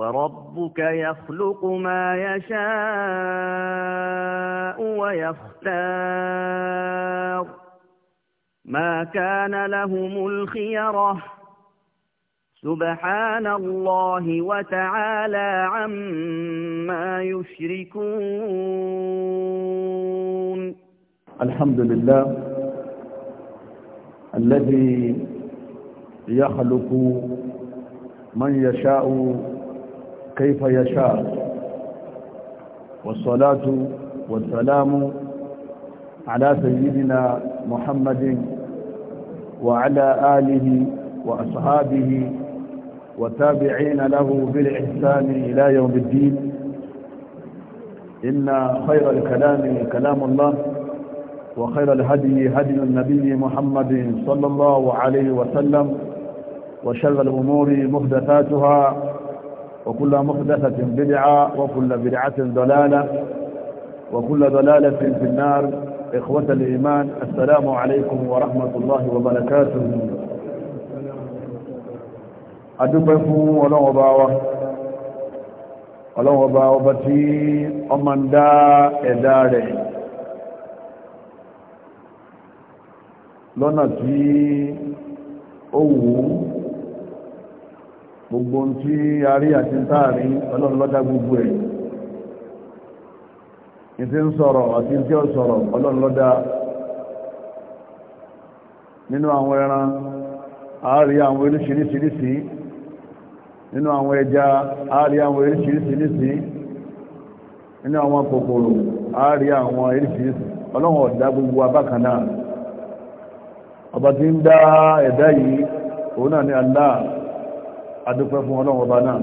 وربك يخلق ما يشاء ويختار ما كان لهم الخيرة سبحان الله وتعالى عما يشركون الحمد لله الذي يخلق من يشاء كيف يشاء والصلاة والسلام على سيدنا محمد وعلى آله وأصحابه وتابعين له بالإحسان إلى يوم الدين إن خير الكلام كلام الله وخير الهدي هدي النبي محمد صلى الله عليه وسلم وشر الأمور محدثاتها وكل محدثة بدعة وكل بدعة ضلالة وكل ضلالة في النار إخوة الإيمان السلام عليكم ورحمة الله وبركاته أدبكم ولو أباوة ولو أباوة بتي أمن دا إداري لنا تي أوه gbogbo ohun tí a rí àti táàrí ọlọ́run gbogbo ẹ̀ ní ń sọ̀rọ̀ àti tí ó sọ̀rọ̀ ọlọ́run nínú àwọn ẹran àárí àwọn oríṣiríṣiríṣi nínú àwọn ẹja àárí àwọn oríṣiríṣiríṣi nínú àwọn kòkòrò àárí àwọn oríṣiríṣi ọlọ́run ọ̀dá gbogbo abákanáà ọba tí ń dá ẹ̀dá yìí òun náà ni Allah adúpẹ́ fún ọlọ́run ọba náà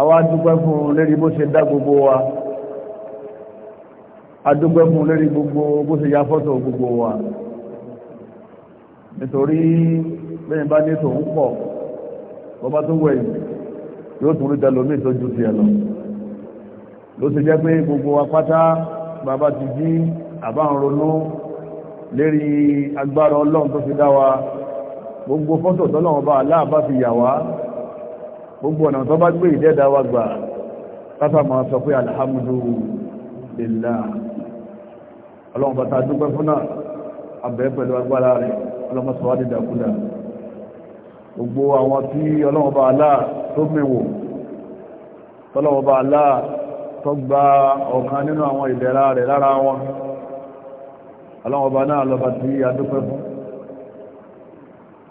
àwa adúpẹ́ fún lérí bó ṣe dá gbogbo wa adúpẹ́ fún lérí gbogbo bó ṣe ya fọ́tò gbogbo wa nítorí bẹ́yìn bá ní tòun pọ̀ bọ́bá tó wẹ̀ yóò tún rí tẹlomi tó ju tiẹ̀ lọ ló ṣe jẹ́ pé gbogbo wa pátá bàbá ti jí àbá ń ronú lérí agbára ọlọ́run tó fi dá wa gbogbo fọ́tò tọ́lọ́wọ́ bá aláàbá fi yà wá gbogbo ọ̀nà tó bá gbé ìdẹ́dà wa gbà káfà máa sọ pé alhamdulillah ọlọ́run bá ta dúpẹ́ fún náà abẹ́ pẹ̀lú agbára rẹ̀ ọlọ́mọ sọ wá bá aláà tó fún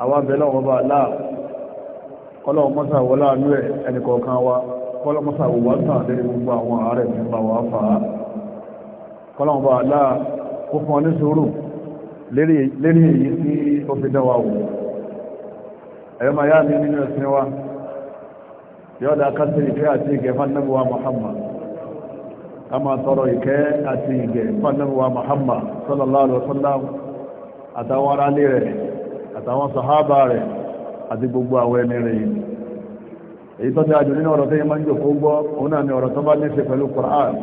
àwọn abẹ́lẹ̀ ọba aláà kọ́lọ́wọ́ mọ́sà wọlé àánú ẹ̀ ẹnìkọ̀ọ̀kan wa kọ́lọ́ mọ́sà wọ́wọ́ sàn lórí gbogbo àwọn ààrẹ nípa wà fà á kọ́lọ́wọ́ ọba aláà ó fún ọ ní sùúrù àti ìgẹ̀ fánàbíwá Muhammad a máa tọrọ ìkẹ́ àti ìgẹ̀ fánàbíwá Muhammad sallallahu àtàwọn aráalé rẹ̀ àtàwọn sàhábà rẹ̀ àti gbogbo àwọn ẹni rẹ̀ yìí èyí tó ti àjò nínú ọ̀rọ̀ tó yẹ máa ń jòkó gbọ́ òun náà ni ọ̀rọ̀ tó bá ní ṣe pẹ̀lú Qur'an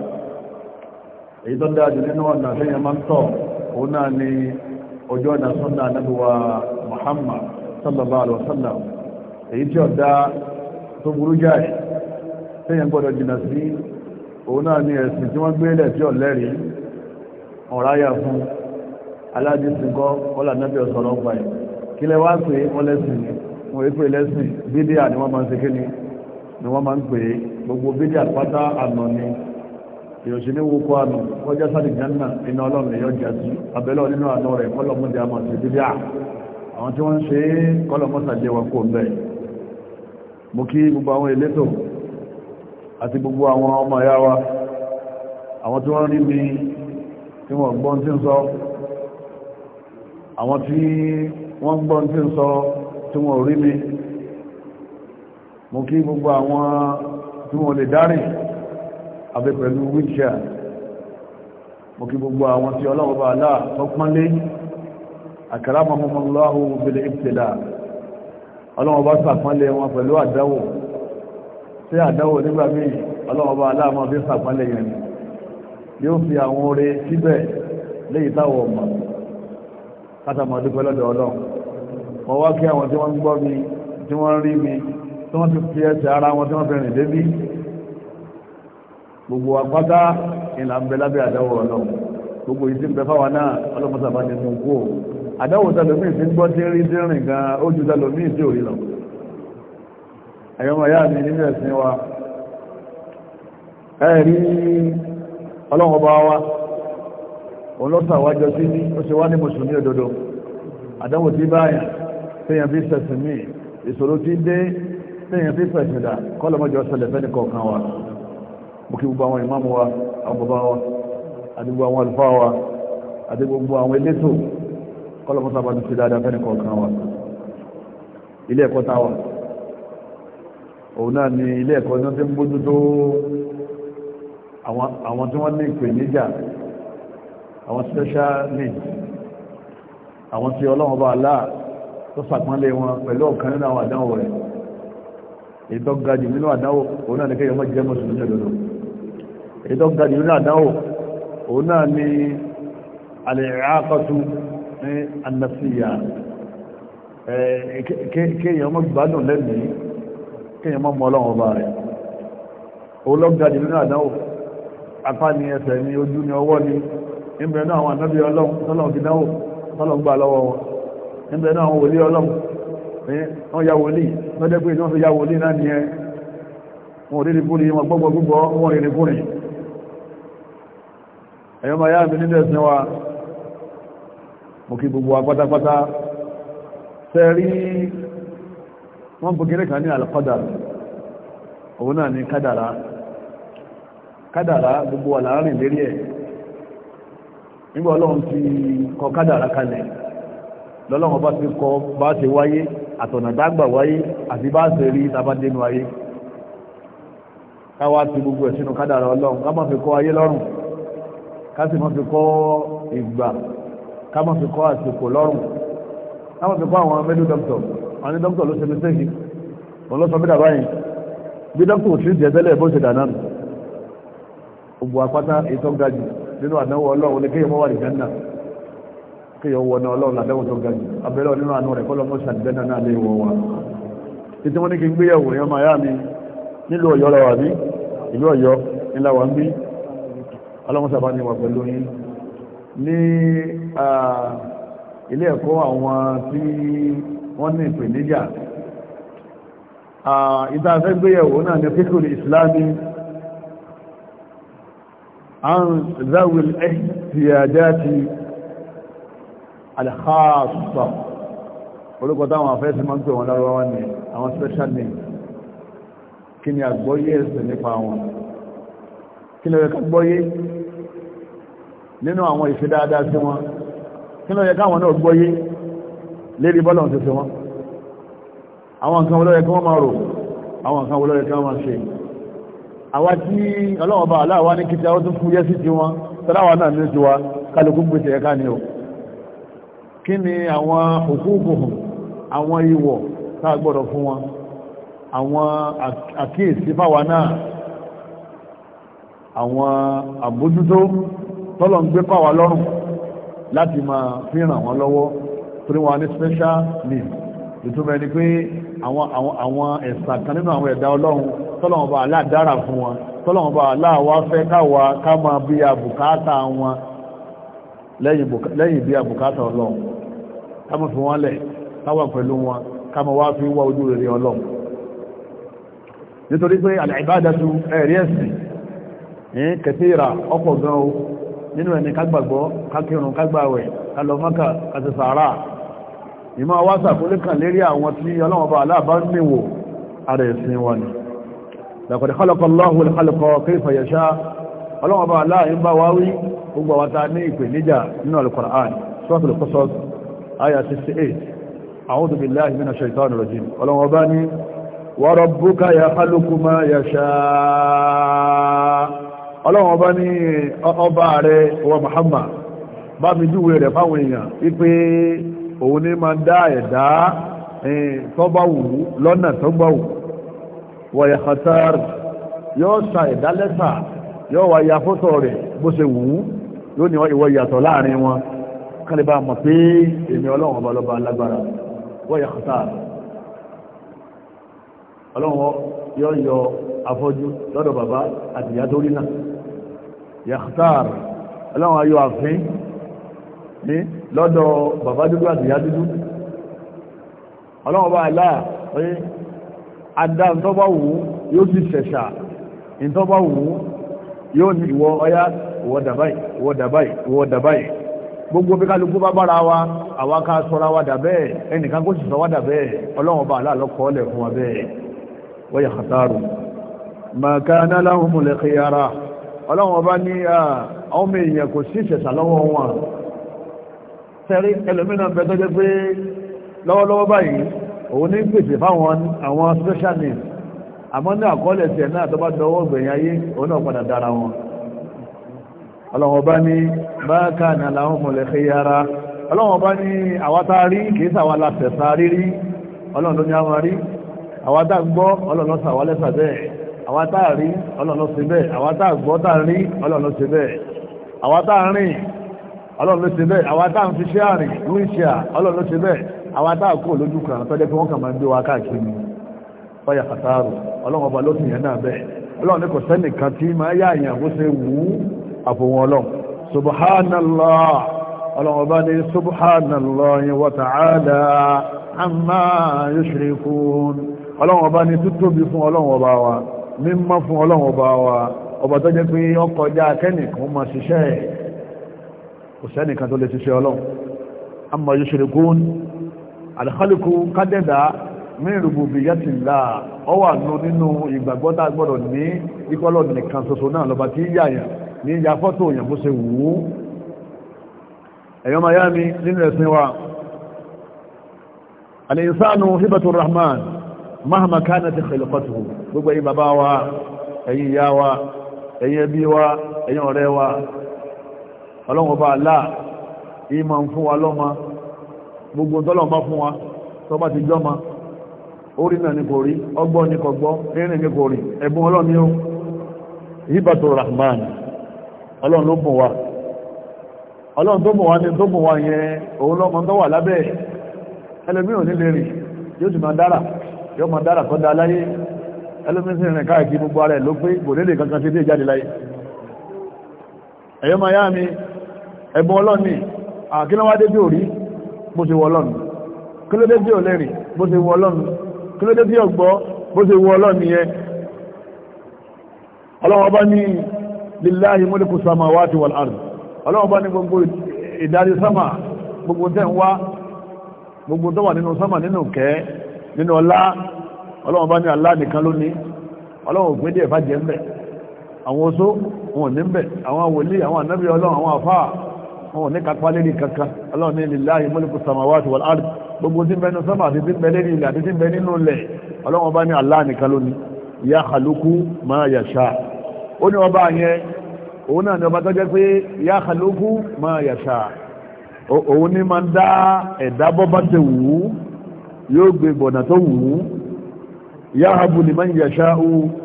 èyí tó dájú nínú ọ̀nà tó yẹ máa ń tọ̀ òun náà ni ojú ọ̀nà burú jáì tó gbọ́dọ̀ jìnà sí òun náà ni ẹ̀sìn tí wọ́n gbélẹ̀ tí ọ̀lẹ́rìí ọ̀ráyà fún aládìsínkọ́ ọlànàbí ọ̀sọ̀rọ̀ ọgbà yìí kí lẹ wá pé wọ́n lẹ́sìn ni wọ́n èpè lẹ́sìn bídíà ni wọ́n máa ń ṣe kíni ni wọ́n máa ń pè é gbogbo bídíà pátá àná ni ìròṣì ní wúkọ àná kọjá sáà ìjánná iná ọlọ́run lè yọjà sí abẹ́lẹ́ nínú àná rẹ̀ kọ́lọ́mọdé àmọ̀ sí bídíà àwọn tí wọ́n ń ṣe é kọ́lọ́mọ́sàdé wọn kò bẹ́ẹ̀ mo kí gbogbo àwọn elétò àti gbogbo àwọn ọmọ ìyá wa àwọn tí wọ́n rí mi tí wọ́n gbọ́n tí ń sọ àwọn tí wọ́n gbọ́ tí ń sọ tí wọ́n rí mi mo kí gbogbo àwọn tí wọ́n lè dárìn abẹ pẹ̀lú wíṣà mo kí gbogbo àwọn tí ọlọ́wọ́ bá aláà tó pánlé àkàràmọ́mọ́láhù bil ibtila ọlọ́wọ́ bá lọ́dọ̀ ọlọ́run wọ́n wá kí àwọn tí wọ́n ń gbọ́ mi tí wọ́n rí mi tí wọ́n ti fi ara wọn tí wọ́n fi rìn débí gbogbo àpáta ìlà ń bẹ lábẹ́ àdáwò ọlọ́run gbogbo yìí ti ń náà bá o àdáwò tàlómì ti ń gbọ́ tí ń rí tí ń rìn gan ó ju tàlómì tí ò rí lọ yá mi nínú ẹ̀sìn wa ọlọ́run ọba wa òun lọ́sàwájọ sí ní ó wá ní tẹ́yàn fi sẹ̀sìn mí ìṣòro tí dé tẹ́yàn fi sẹ̀sìn dà kọ́lọ̀mọ́jọ́ sẹlẹ̀ fẹ́ nìkọ̀ọ̀kan wa mo kí gbogbo àwọn ìmáàmù wa àwọn bàbá wa àti gbogbo àwọn àlùfáà wa àti gbogbo àwọn elétò kọ́lọ̀mọ́sá bá ti ṣe dáadáa fẹ́ nìkọ̀ọ̀kan wa ilé ẹ̀kọ́ tá wa òun náà ni ilé ẹ̀kọ́ ní wọ́n ti ń bójú tó àwọn tí wọ́n ní ìpèníjà àwọn special needs àwọn tí ọlọ́run bá aláà tó sàpọ́nlé wọn pẹ̀lú ọ̀kan nínú àwọn àdánwò rẹ̀ ìdọ́gajù nínú àdánwò òun náà ní kéèyàn má jẹ́ mùsùlùmí òdodo ìdọ́gajù nínú àdánwò òun náà ní alìrákọ́tú ní annasíyà kéèyàn má gbádùn lẹ́mìí kéèyàn má mọ́ ọlọ́run ọba rẹ̀ òun lọ́gajù nínú àdánwò apá ni ẹsẹ̀ níbẹ̀ náà àwọn wòlé ọlọ́run wọ́n ya wòlé lọ́jẹ́ pé ìdánwò ya wòlé náà ni ẹ wọn rí rìbúrí wọn gbọ́gbọ́ gbogbo wọn rí rìbúrí ẹ̀yọ́ ma yá mi nílẹ̀ ẹ̀sìn wa mo kí gbogbo wa pátápátá tẹ́ rí wọ́n bó kéré kan ní alqadar òun náà nígbà ọlọ́run ti kọ kádàrá kalẹ̀ lọ́lọ́wọ́ bá ti kọ bá ṣe wáyé àtọ̀nàdágbà wáyé àti bá ṣe rí tabadénu ayé káwá ti gbogbo ẹ̀sìnú kádàrà ọlọ́run ká má fi kọ́ ayé lọ́rùn ká sì má fi kọ́ ìgbà ká má fi kọ́ àsìkò lọ́rùn ká má fi kọ́ àwọn mẹ́lú dọ́kítọ̀ àwọn ní dọ́kítọ̀ ló ṣe mi sẹ́yìn wọn lọ sọ bí dàbá yìí bí dọ́kítọ̀ ò sí jẹ tẹ́lẹ̀ bó ṣe dàná nù gbogbo apáta ètò ga jù nínú àdánwò ọlọ́run ní kéèyàn mọ́ wà ní jẹ́ kéèyàn wọ náà ọlọ́run àdéhùn tó ga jù abẹ́rẹ́ nínú àánú rẹ̀ kọ́lọ́ mọ́sàn ìgbẹ́ náà lè wọ wa títí wọ́n ní kí n gbéyàwó èèyàn máa yá mi nílùú ọ̀yọ́ la wà bí ìlú ọ̀yọ́ ńlá wà ń bí ọlọ́mọsà bá ní wà pẹ̀lú yín ní ilé ẹ̀kọ́ àwọn tí wọ́n ní ìpèníjà ìdáfẹ́ gbéyàwó náà ní fíkùn ìsìlámi an zawil ihtiyajati alhaasa orúkọ táwọn afẹ́sí máa ń pè wọn lárọ́wọ́ ní àwọn special name kí ni àgbọ́yé ẹ̀sẹ̀ nípa wọn kí ló yẹ ká gbọ́yé nínú àwọn ìṣe dáadáa sí wọn kí ló yẹ káwọn náà gbọ́yé lérí bọ́lọ̀ ti fi wọn àwọn nǹkan wọlọ́yẹ kí wọ́n máa rò àwọn nǹkan wọlọ́yẹ kí wọ́n máa ṣe àwa tí ni o kí ni àwọn òkúùkùn àwọn ìwọ̀ táà gbọ́dọ̀ fún wọn àwọn àkíyèsí fáwa náà àwọn àbójútó tọ́lọ̀ ń gbé fáwa lọ́rùn láti máa fi ràn lọ́wọ́ torí wọn ní special need ìtumọ̀ ni pé àwọn ẹ̀sà kan nínú àwọn ẹ̀dá ọlọ́run tọ́lọ̀wọ̀n bá aláàdára fún wọn tọ́lọ̀wọ̀n bá aláàwá fẹ́ káwà ká máa bí abùkátà wọn lẹ́yìn bí abùkátà ọlọ́run ká mọ́ fi wọ́n lẹ̀ káwà pẹ̀lú wọn ká mọ́ wá fi wá ojú rere ọlọ́run nítorí pé àlàìbádàtú ẹ̀rí ẹ̀sìn ní kẹtíra ọ̀pọ̀ gan o nínú ẹni kágbàgbọ́ kákírun kágbàwẹ̀ kálọ́mọ́kà àti sàárà ìmọ̀ wá sàkólé kan lérí àwọn tí ọlọ́wọ́n bá aláàbá ń níwò ara ẹ̀sìn wọn aya 68 a'udhu billahi minash shaitani rajim ọlọ́wọ́ bá ní wa rabbuka yakhluqu ma yasha ọlọ́wọ́ bá ní ọba rẹ̀ wa Muhammad bá mi júwe rẹ̀ fáwọn èèyàn wípé òun ní ma dá ẹ̀dá tọ́báwù lọ́nà tọ́báwù wa yakhtar yóò sa ẹ̀dá lẹ́sà yóò wá ya fótó rẹ̀ bó ṣe wù ú yóò ní ìwọ ìyàtọ̀ láàrin wọn kálíbà mọ̀ pé èmi ọlọ́run ọba lọ́ba lágbára wọ́n yà kọ́tà ọlọ́run yọ yọ afọ́jú lọ́dọ̀ bàbá àti ìyá tó rí náà yà kọ́tà ọlọ́run ayọ àfin ní lọ́dọ̀ bàbá dúdú àti ìyá dúdú ọlọ́run ọba àlá pé adá ń wù yóò sì ṣẹ̀ṣà ń wù yóò ní ìwọ ọyá ìwọ dàbáyì ìwọ dàbáyì ìwọ dàbáyì gbogbo bí kálukú bá bára wa àwa ká sọra wa dà bẹ́ẹ̀ ẹnìkan kó sì sọ wa dà bẹ́ẹ̀ ọlọ́run bá aláàlọ́ kọ́ ọ́lẹ̀ fún wa bẹ́ẹ̀ wọ́n yà kàtàrù màkàna lahumul khiyara ọlọ́run ọba ní ọmọ èèyàn kò sí ìṣẹ̀sà lọ́wọ́ wọn tẹ́rí ẹlòmínà bẹ tó jẹ́ pé lọ́wọ́lọ́wọ́ báyìí òun ní gbèsè fáwọn àwọn special needs àmọ́ ní àkọọ́lẹ̀ tiẹ̀ náà tó bá dọwọ́ gbẹ̀yìn ayé òun náà padà dára wọn ọlọ́wọ́ bá ní báákà ní aláwọ̀ mọ̀lẹ̀kẹ́ yára ọlọ́wọ́ bá ní àwátá rí kìíṣà wà látẹ̀sà rírí ọlọ́run ló ní àwọn rí àwátá gbọ́ ọlọ́run sà wálẹ́sà bẹ́ẹ̀ àwátá rí ọlọ́run sí bẹ́ẹ̀ àwátá gbọ́ tá rí ọlọ́run sí bẹ́ẹ̀ àwátá rìn ọlọ́run sí bẹ́ẹ̀ àwátá ń fi ṣẹ́ àrìn wíṣẹ́ ọlọ́run fọ́yà kàtàrù ọlọ́run ló ti yẹn náà bẹ́ẹ̀ ọlọ́run ní kò sẹ́nìkan tí máa yá àyàn bó ṣe àfòwọn ọlọ́run subhanallah ọlọ́run ọba ní subhanallah wa ta'ala amma yushrikun ọlọ́run ọba ní títóbi fún ọlọ́run ọba wa mímọ́ fún ọlọ́run ọba wa ọba tó jẹ́ pé ọkọjá akẹ́nìkan ma ṣiṣẹ́ ẹ̀ ọwà nù nínú ìgbàgbọ́ta gbọ́dọ̀ ní ikọ́lọ̀ nìkan ṣoṣo náà lọ́ba tí yáyàn ní ìyá fọ́tò òyìn bó ṣe wù ú ẹ̀yọ́ miami nínú ẹ̀sìn wa alìsánu hibatu rahman mahama kana ti khilqatuhu gbogbo ẹ̀yin bàbá wa ẹ̀yin ìyá wa ẹ̀yin ẹbí wa ẹ̀yin ọ̀rẹ́ wa ọlọ́run aláà ìmọ̀ ń fún wa lọ́mọ gbogbo tọ́lọ̀ fún wa tó bá ti jọ́mọ orí náà ni kò rí ọgbọ́n ni kò gbọ́ rírìn ni kò rí ẹ̀bùn ọlọ́ni ó hibatu rahman ọlọ́run ló bùn wa ọlọ́run tó bùn ní tó bùn wa yẹn òun lọ́mọ tó wà lábẹ́ ẹlòmíì ò ní rìn yóò máa dára yóò máa dára kọ́ da láyé ẹlòmíì sì rìn káàkiri gbogbo ara ẹ̀ ló pé kò lélẹ̀ kankan sí dé jáde láyé ẹ̀yọ́ máa yá mi ẹ̀bùn lillahi mulku samawati wal ard ọlọ́wọ́ bá ní gbogbo ìdarí sama gbogbo tẹ́ ń wá gbogbo tó wà nínú sama nínú kẹ́ nínú ọlá ọlọ́wọ́ bá ní Allah nìkan ló ní ọlọ́wọ́ pín díẹ̀ fàjẹ́ ń bẹ̀ àwọn oṣó wọn ní bẹ̀ àwọn wòlíì àwọn ànábì ọlọ́wọ́ àwọn àfáà wọn ní kápá lérí kankan ọlọ́wọ́ ní lillahi mulku samawati wal ard gbogbo tí ń bẹ sama àti tí ń bẹ lérí ilẹ̀ àti tí ń bẹ nínú ilẹ̀ ọlọ́wọ́ bá ní Allah nìkan ló ya khaluqu ó ní ọba yẹn òun náà ọba tó pé ya khaluqu ma yasha òun ni máa ń dá ẹ̀dá bọ́ bá ti wù ú yóò gbé bọ̀nà tó wù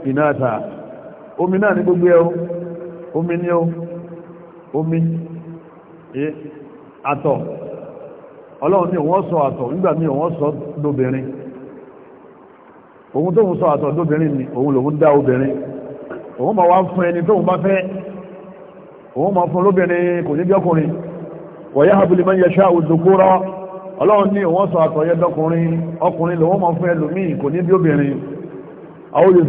inata omi náà ní gbogbo o omi ní omi àtọ̀ ọlọ́run ní òun sọ àtọ̀ nígbà míì òun sọ dóbìnrin òun tó sọ àtọ̀ dóbìnrin ni òun òun ma wá fún ẹni tó ń bá fẹ́ òun ma fún lóbìnrin kò ní jọ́kùnrin wọ̀yá àbúlé mọ́ yẹṣẹ́ àwùjọkúrọ́ ọlọ́run ní òun sọ dọ́kùnrin ọkùnrin lòun ma fún ẹlòmíì kò ní bí obìnrin wọ ọlọ́run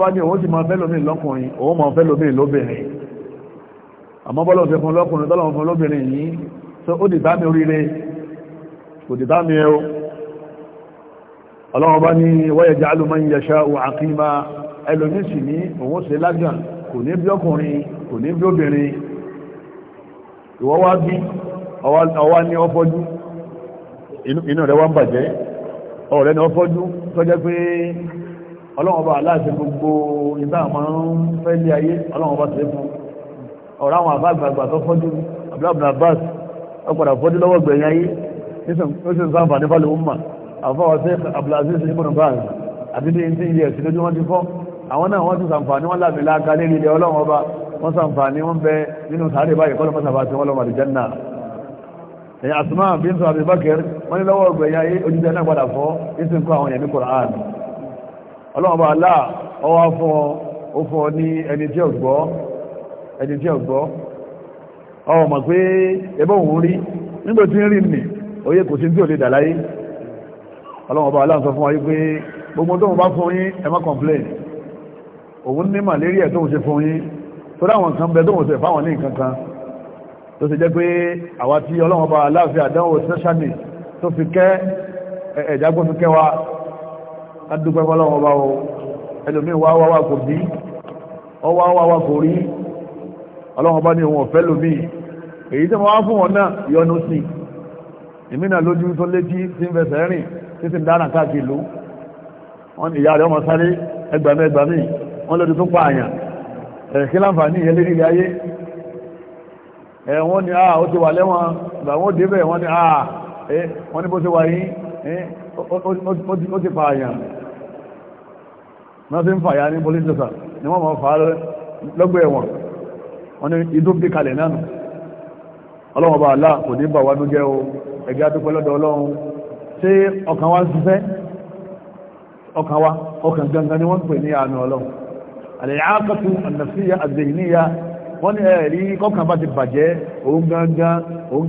bá ní òun fẹ́ lómìn lọ́kùnrin òun ma fẹ́ lómìn lóbìnrin àmọ́ bọ́lọ̀ fún lọ́kùnrin ọlọ́wọ́ bá ní wáyẹ̀ jẹ́ alùmọ́ ń yẹṣẹ́ ohun àkímá ẹlòmísì ní òun ṣe lágàn kò ní bí ọkùnrin kò ní bí obìnrin ìwọ́ wá bí ọwá ní ọfọ́jú inú rẹ̀ wá ń bàjẹ́ ọ̀rẹ́ ní ọfọ́jú tó jẹ́ pé ọlọ́wọ́ bá aláṣẹ gbogbo ìgbà máa ń fẹ́ lé ayé ọlọ́wọ́ bá fún ọ̀rọ̀ àwọn àbágbàgbà àfọwọ́ sí abdulaziz ibn baz àti bí n tí ilé ẹ̀sìn lójú wọn ti fọ́ àwọn náà wọ́n ti sàǹfààní wọ́n láàmì láàka lérí ilẹ̀ ọlọ́run ọba wọ́n sàǹfààní wọ́n bẹ nínú sàárè báyìí kọ́lọ́ mọ́sàbà tí wọ́n lọ́mọdé jẹ́nà ẹ̀yà asma bíntu abubakar wọ́n ní lọ́wọ́ ọgbẹ̀yà ojúdẹ náà padà fọ́ ìsìn kọ́ àwọn èèyàn ní Qur'an ọlọ́run ọba alá ọwọ́ fọ́ ó fọ́ ní ẹni ọlọ́wọ́n bá aláǹsọ fún wa yí pé gbogbo tóun bá fún yín ẹ complain òun ní malaria tóun ṣe fún yín tó dáwọn kan bẹ tóun ṣe fáwọn ní nǹkan kan tó ṣe jẹ́ pé àwa tí ọlọ́wọ́n bá aláàfin àdánwò sẹ́ṣánì tó fi kẹ́ ẹ̀jágbó fi kẹ́ wa adúpẹ́ fọlọ́wọ́n bá o ẹlòmíì wá wá wá kò bí ọ wá wá wá kò rí ọlọ́wọ́n bá ní òun ọ̀fẹ́ lòmíì èyí tí wọ́n ìmínà lójú tó létí tí ń fẹsẹ̀ rìn tí ti ń dára káàkiri ìlú wọ́n ìyá rẹ̀ ọmọ sáré ẹgbàmí ẹgbàmí wọ́n lọ́dún tó pààyàn ẹ̀kí láǹfààní ìyẹn lérí ilé ayé ẹ̀ wọ́n ni àà ah, ó ti wà lẹ́wọ̀n ìgbà wọ́n wọ́n ni ah, wọ́n ni bó ti wà yí ó ti pààyàn wọ́n ti ń fàyà ní police station ni wọ́n mọ̀ fà á lọ́gbẹ̀ ẹ̀wọ̀n wọ́n ni idú bí kalẹ̀ náà ọlọ́wọ́n bá àlá kò ní bà wá nú o ẹ̀gá tó pẹ́lọ́dọ̀ ọlọ́run ṣé ọkàn wa ṣiṣẹ́ ọkàn wa ọkàn gangan ni wọ́n pè ní àánú ọlọ́run àlẹ́yàákàtù ànàfíyà àzẹ̀yìníyà wọ́n ní ẹ̀rí kọ́kàn bá ti bàjẹ́ òun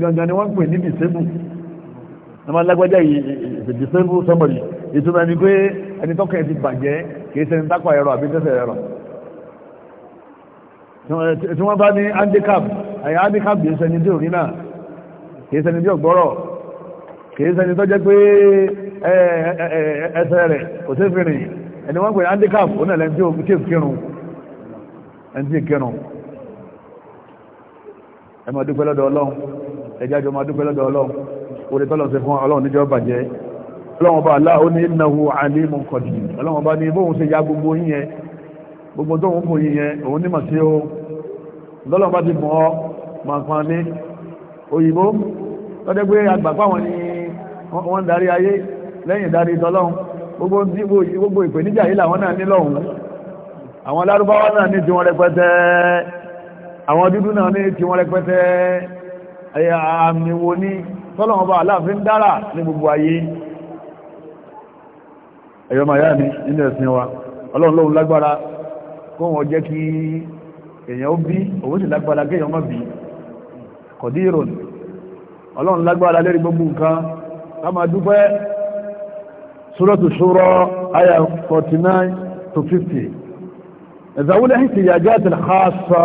gangan ni wọ́n pè ní dìsébù ọmọ alágbájá ìdìsébù sọmọlì ìtumọ̀ ẹni pé ẹni tọ́kàn ti bàjẹ́ kìí ṣẹni tápà ẹ̀rọ àbí tẹ́sẹ̀ ẹ̀rọ tí wọ́n bá ní handicap àyà handicap yìí ṣẹni tí ò rí náà kìí ṣẹni tí ọ̀gbọ́rọ̀ kìí ṣẹni tó jẹ́ pé ẹsẹ̀ rẹ̀ kò sí fìrìn ẹni wọ́n pè ní handicap ó nà lẹ́ni tí ó kírun ẹni tí kírun ẹ máa dúpẹ́ lọ́dọ̀ ọlọ́run ẹjá jọ máa dúpẹ́ lọ́dọ̀ ọlọ́run orí tọ́lọ̀ sí fún ọlọ́run níjọ́ bàjẹ́ ọlọ́run ọba aláà ó ní ìnáwó àlímù kọ̀dì ọlọ́run ọba ní bóhun ṣe ya gbogbo yíyẹn gbogbo tó ń fò yíyẹn òun nímọ̀ sí ó lọ́lọ́run bá ti mọ̀ ọ́ máa pan ní òyìnbó tọ́jẹ́ pé agbàpá wọn ni wọ́n ń darí ayé lẹ́yìn ìdarí tọ́lọ́hun gbogbo ìpèníjà yìí làwọn náà ní lọ́hùn àwọn lárúbáwá náà ní tiwọn rẹpẹtẹ àwọn dúdú náà ní tiwọn rẹpẹtẹ àmì wo ní tọ́lọ́hun bá aláàfin ni nínú ẹ̀sìn wa ọlọ́run lóhun lágbára kó wọn jẹ́ kí èèyàn ó bí òun sì ọlọ́run lágbára lérí gbogbo nǹkan a máa dúpẹ́ suratu shura 49 to 50 zawul ihtiyajat al khassa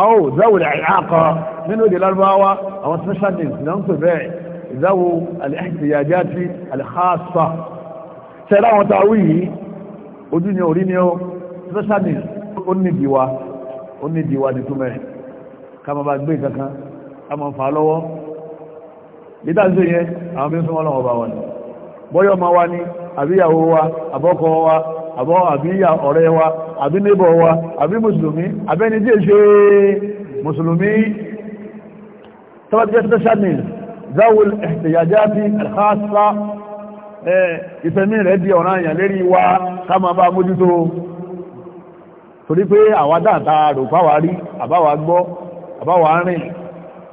aw zawul i'aqa nínú èdè lárúbáwá àwọn special needs náà ń pè bẹ́ẹ̀ zawul ihtiyajat al khassa tẹ́lá àwọn tàwí yìí ojú ni orí ni ó special needs ó nídìí wa ó nídìí wa ní ká máa bá gbé kankan ká máa fà á lọ́wọ́ ìdáǹsẹ́ yẹn àwọn bí súnmọ́ lọ́wọ́ bá wọn bọ́yọ́ ma wá ní àbíyàwó wa àbọ́kọ wa àbọ́ àbíyà ọ̀rẹ́ wa àbí nébọ̀ wa àbí mùsùlùmí àbẹ́ni tí è ṣe mùsùlùmí tọ́bàtíjẹ́ special needs zawul ihtiyajati alkhassa ìfẹ̀mí rẹ̀ di ọ̀rọ̀ àyàn lérí wa ká máa bá mójútó torí pé àwa dáadáa rò fáwa rí àbáwa gbọ́ àbáwa rìn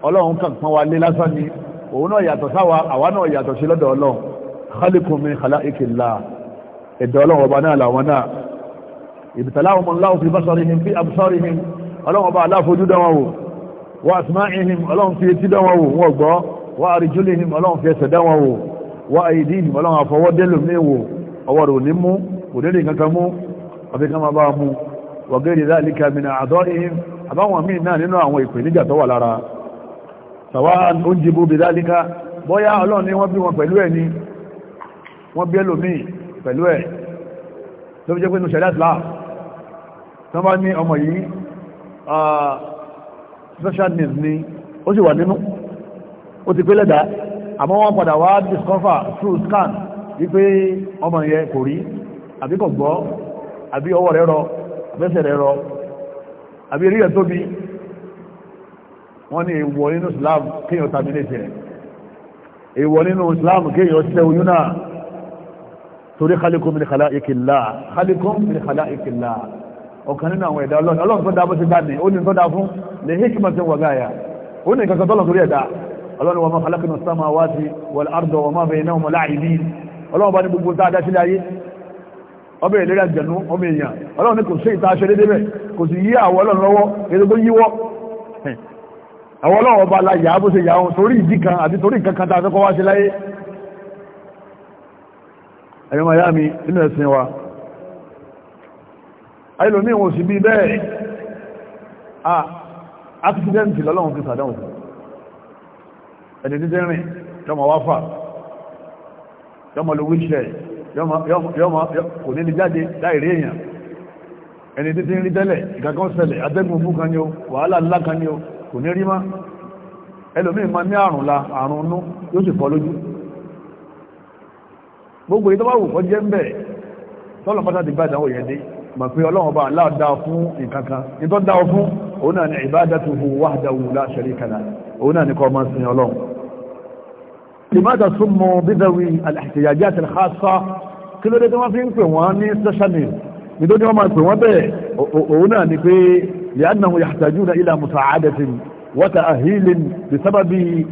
ọlọ́run kàn pọ́n wa lé lásán ni òun náà yàtọ̀ sáwa àwa náà yàtọ̀ sí lọ́dọ̀ ọlọ́run khaliqun min khalaiqillah ẹ̀dọ̀ ọlọ́run ọba náà làwọn náà ibtalahum Allahu fi basarihim fi absarihim ọlọ́run ọba aláfojú dán wọn wò wa asma'ihim ọlọ́run fi etí dán wọn wò wọn gbọ́ wa ọlọ́run fi ẹsẹ̀ dán wọn wò wa ọlọ́run àfọwọ́délò ní wò ọwọ́ rò ní mú kò nílé kankan mú àfi kan máa bá mú wa ghayri dhalika min a'dha'ihim àbáwọn míì náà nínú àwọn ìpèníjà tó wà lára sàwá oúnjẹ bóbi dáríká bọ́yá ọlọ́run ni wọ́n bí wọn pẹ̀lú ẹ̀ ni wọ́n bí ẹlòmíì pẹ̀lú ẹ̀ tó fi jẹ́ pé ní ṣẹ̀dá tó bá ní ọmọ yìí social needs ni ó sì wà nínú ó ti pé lẹ́dà àmọ́ wọ́n padà wá discover through scan wípé ọmọ yẹn kò rí àbí kò gbọ́ àbí wọ́n ní èèwọ̀ nínú islam kéèyàn terminate rẹ̀ èèwọ̀ nínú islam kéèyàn ṣẹ́ oyún náà torí khalikum min khalaiqillah khalikum min khalaiqillah ọ̀kan nínú àwọn ẹ̀dá ọlọ́run ọlọ́run tó dá bó ṣe dá ní ó ní tó dá fún lè hikmatin wa ghaya ó ní nǹkan tọ́lọ̀ torí ẹ̀dá ọlọ́run wa ma khalaqna samawati wal arda wa ma baynahuma la'ibin ọlọ́run bá ní gbogbo tá a dá sílẹ̀ ayé ọbẹ̀ ìlérí àjẹ̀nú ọmọ èèyàn ọlọ́run ní kò sí ìta aṣọ dédé bẹ́ẹ̀ kò sì yí àwọ̀ ọlọ́run lọ́wọ́ àwọn ọlọ́wọ́ bá láyà bó ṣe yàwọn torí ìdí kan àti torí nǹkan kan tàbí kọ́ wá sí láyé ẹ̀yọ́ miami nínú ẹ̀sìn wa ayélomi wọn sì bí bẹ́ẹ̀ accident lọ́lọ́wọ́n fi sàdánwò ẹni dídé rìn yọmọ wáfà yọmọ lo wheelchair yọmọ kò ní lè jáde láìrí èèyàn ẹni dídé rí tẹ́lẹ̀ ìkàkọ́ ṣẹlẹ̀ kò ní rí má ẹlòmíì ma ní àrùn la àrùn nú yóò sì fọ́ lójú gbogbo ìtọ́wà wù kọ́ jẹ́ ń bẹ̀ tọ́lọ̀ pátá ti bá ìdánwò yẹn dé mà pé ọlọ́run bá aláà dá fún ìkankan ni ibadatuhu wahdahu la sharika òun náà ni kọ́ لماذا سموا بذوي الاحتياجات الخاصة kí ló dé tí wọ́n fi ń pè wọ́n ní special needs nítorí لأنهم يحتاجون إلى مساعدة وتأهيل بسبب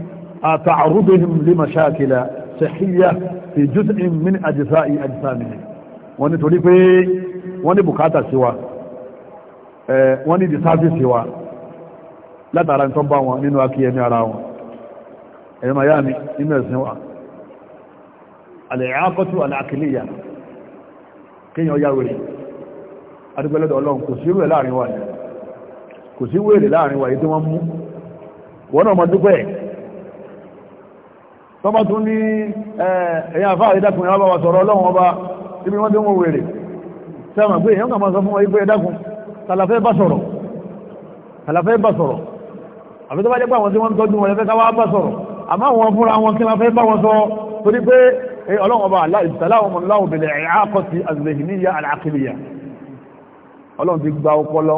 تعرضهم لمشاكل صحية في جزء من أجزاء أجسامهم wọ́n ní torí pé wọ́n ní bùkátà sí wa wọ́n ní disabi sí wa látara nǹkan bá wọn nínú akíyẹ ní ara wọn ẹ̀yọ́ maya mi nínú ẹ̀sìn wa alẹ́yàkọ́tù aláàkìlìyà kíyàn yáwèrè adúgbẹ́lẹ́dọ̀ ọlọ́run kò sí rẹ̀ láàrin wa kò sí wèrè láàrin wàyí tí wọ́n mú wọ́n náà mọ́ dúpẹ́ ẹ̀ tọ́bá tún ní ẹ̀yà àfáà ìdákùn ìyàwó wa sọ̀rọ̀ ọlọ́run ọba ibi wọ́n tí wọ́n wèrè sẹ́wọ̀n pé èyàn kàn máa sọ fún wọn pé ẹ̀dákùn tàlàfẹ́ bá sọ̀rọ̀ tàlàfẹ́ bá sọ̀rọ̀ àfi tó bá jẹ́ pé àwọn tí wọ́n ń tọ́jú wọn lẹ́fẹ́ káwá bá sọ̀rọ̀ àmọ́ àwọn fúnra wọn kí wọ́n fẹ́ bá wọn sọ torí pé ọlọ́run ọba ìtàláwọn ọmọ ọlọ́run bẹ̀rẹ̀ ẹ̀yà àkọsí àzùlẹ̀hìníyà àlàkìlìyà ọlọ́run ti gba ọpọlọ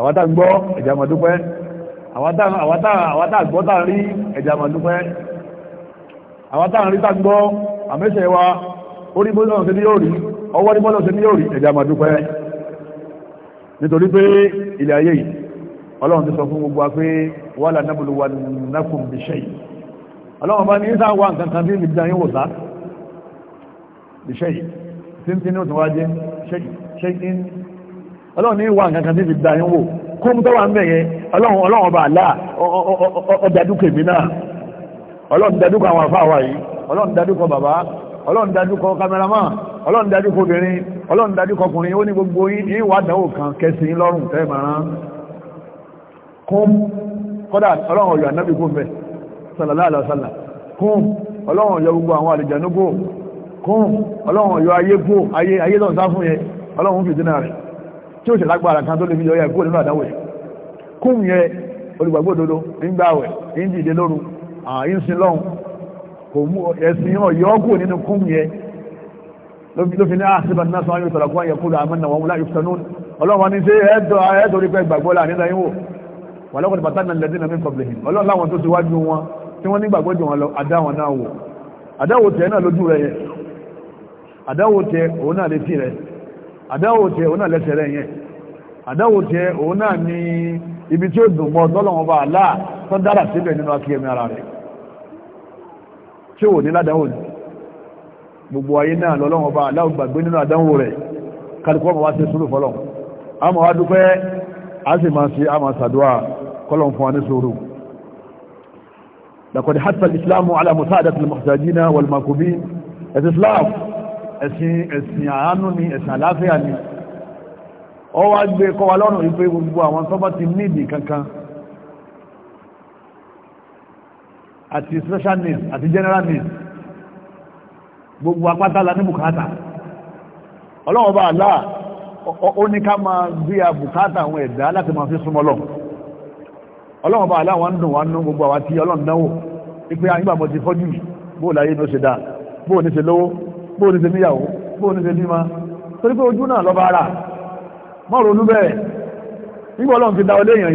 àwátà gbọ́ ẹ̀jà máa dúpẹ́ àwátà gbọ́ tà rí ẹ̀jà máa dúpẹ́ àwátà rí tà gbọ́ àmẹ́sẹ̀ wa orí bọ́lọ̀ sí ní yóò rí ọwọ́ ní bọ́lọ̀ sí ní ẹ̀jà máa nítorí pé ilẹ̀ ayé ọlọ́run ti sọ fún gbogbo pé wà nǹkan ọlọ́run ní wà nǹkan kan níbi gbà yín wò kó mú tọ́wà ń bẹ̀yẹ ọlọ́run ọlọ́run ọba àlá ọdadúkọ èmi náà ọlọ́run dadúkọ àwọn àfáà wa yìí ọlọ́run dadúkọ bàbá ọlọ́run dadúkọ kameraman ọlọ́run dadúkọ obìnrin ọlọ́run dadúkọ ọkùnrin ó ní gbogbo yín ní ìwà àdánwò kan kẹsìn lọ́rùn fẹ́ màrán kún kọ́dà ọlọ́run ọ̀yọ̀ ànábì kún bẹ̀ sallallahu alaihi wasallam kún ọlọ́run ọ̀yọ̀ gbogbo àwọn àlejànúgbò kún ọlọ́run ọ̀yọ̀ ayé kún ayé lọ́nà sáfún yẹn ọlọ́run fìdínà rẹ̀ tí ó ṣe lágbára kan tó lè fi yọ ẹ̀kú nínú àdáwò yẹn kún yẹn olùgbàgbọ́ òdodo nígbà àwẹ̀ ń dìde lóru àìsìn lọ́hùn kò mú ẹ̀sìn ọ̀yọ́ kù nínú kún yẹn ló fi ní àṣìbà ah, náà sọ ayọ́tọ̀rọ̀ kó ayẹ̀kú rà mọ́nà wọn láyé sanú ọlọ́wọ́n ní sí ẹ̀ẹ́dọ̀ ẹ̀ẹ́dọ̀ rí pé gbàgbọ́ là nílẹ̀ yíwò wà lọ́kọ̀dé bàtà náà lẹ́dínà mí kọ̀bìlì ọlọ́run láwọn tó ti wájú wọn tí wọ́n nígbàgbọ́ jù wọn lọ adáwọn náà wò adáwò tẹ̀ náà lójú àdáwò tẹ òun náà lẹ́sẹ̀ rẹ̀ yẹn àdáwò tẹ òun náà ní ibi tí ó dùn mọ́ tọ́lọ́wọ́n bá aláà tó dára síbẹ̀ nínú akíyẹmí ara rẹ̀ tí ò ní ládàáwò ní gbogbo ayé náà lọ́lọ́wọ́n bá aláà gbàgbé nínú àdánwò rẹ̀ kálukọ́ ma wá sí sùúrù ẹ̀sìn ẹ̀sìn àánú ni ẹ̀sìn àláfíà ni ọ wá gbé kọ́ wa lọ́rùn wípé gbogbo àwọn tó bá ti nídìí kankan àti special needs àti general needs gbogbo apátálà ní bùkátà ọlọ́wọ́ bá aláà ó ní ká máa bí a bùkátà àwọn ẹ̀dá láti máa fi súnmọ́ lọ ọlọ́wọ́ bá aláà wọ́n dùn wọ́n nú gbogbo àwátí ọlọ́ndánwò ipé àyíbàmọ́ ti fọ́jú bóò láyé ní ó ṣe dáa bóò ní ṣe lówó bóò ní ṣe níyàwó bóò ní ṣe bímá torí pé ojú náà lọ́ba ara mọ́rún olú bẹ̀rẹ̀ nígbà ọlọ́run ti dá ọ léèyàn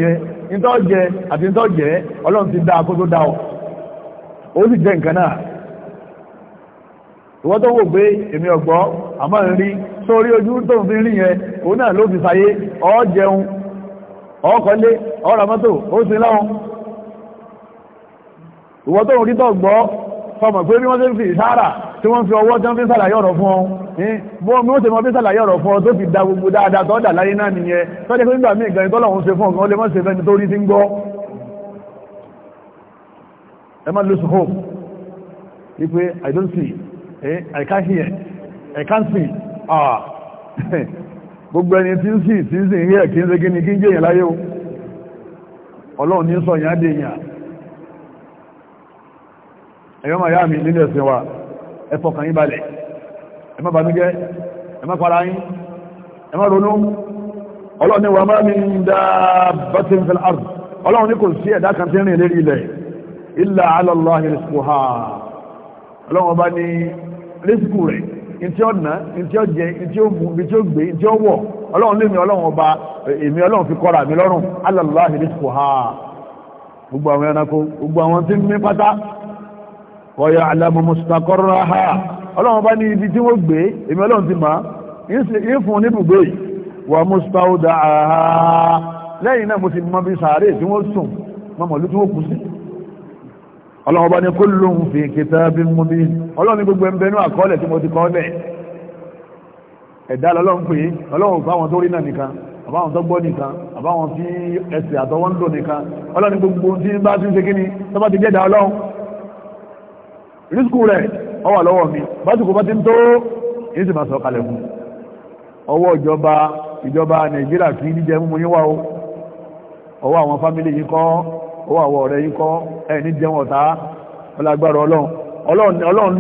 jẹ àti jẹ ọlọ́run ti dá akó tó ó sì jẹ nǹkan náà ìwọ́n tó wò pé èmi ọ̀gbọ́ àmọ́ ń rí sórí ojú tó fi rí yẹn òun náà ló fi fàyé ọ ọ ra ó sin lọ́hun ìwọ́n tó rí pé tí wọ́n fi ọwọ́ tán fi sàlàyé ọ̀rọ̀ fún ọ bọ́ọ̀ mi ó tẹ̀mọ́ fi ń sàlàyé ọ̀rọ̀ fún ọ tó fi da gbogbo dáadáa tọ́dà láyé náà nìyẹn tọ́jẹ́ pé nígbà míì gan-an tọ́lọ́hún ṣe fún ọ̀kan ó lè mọ́ ṣe fẹ́ni tó rí ti ń gbọ́ ẹ má lose hope wípé i don't see i can't hear i can't see ah gbogbo ẹni tí ń sì tí ń sì ń rí ẹ̀ kí ń ṣe ni kí ń jẹ́yìn láyé o ọlọ́run ní sọ yẹn á dé yẹn ẹ̀yọ́ màá yá mi nílẹ̀ sí wa ẹ fọkàn yín balẹ̀ ẹ má bànújẹ́ ẹ má fara yín ẹ má ronú ọlọ́run ni wà má min dabbatin fil ard ọlọ́run ní kò sí ẹ̀dá kan tí ń rìn lérí ilẹ̀ illa ala Allahi rizquha ọlọ́run ọba ní rísíkù rẹ̀ ntí ó ná ntí ó jẹ ntí ó mú ntí ó gbé ntí wọ́yọ̀ alamu mustaqarra ha ọlọ́run bá ní ibi tí wọ́n gbé èmi ọlọ́run ti máa ń fún níbùgbé wà mustauda ha lẹ́yìn náà mo ti mọ́ bí sàárè tí wọ́n sùn mọ́mọ̀lú tí wọ́n kú sí ọlọ́run bá ní kullun fi kitabin mubin ọlọ́run ní gbogbo ẹnbẹ́nú àkọọ́lẹ̀ tí mo ti kọ́ọ́lẹ̀ ẹ̀dá lọ́lọ́run pé ọlọ́run fáwọn tó rí náà nìkan àbáwọn tó gbọ́ nìkan àbáwọn tí ẹsẹ̀ àtọwọ́ ń lò nìkan ọlọ́run gbogbo tí bá ti ń ṣe kí ni tó bá ti jẹ́dá ọlọ́run rísíkù rẹ̀ ó wà lọ́wọ́ mi básìkò bá ti ń tó yìí sì máa sọ kalẹ̀ fún ọwọ́ ìjọba ìjọba nàìjíríà kì í jíjẹ mú yín wá o ọwọ́ àwọn fámílì yìí kọ́ ọwọ́ àwọn ọ̀rẹ́ yìí kọ́ ẹ̀ ní jẹun ọ̀tá ọlágbára ọlọ́run ọlọ́run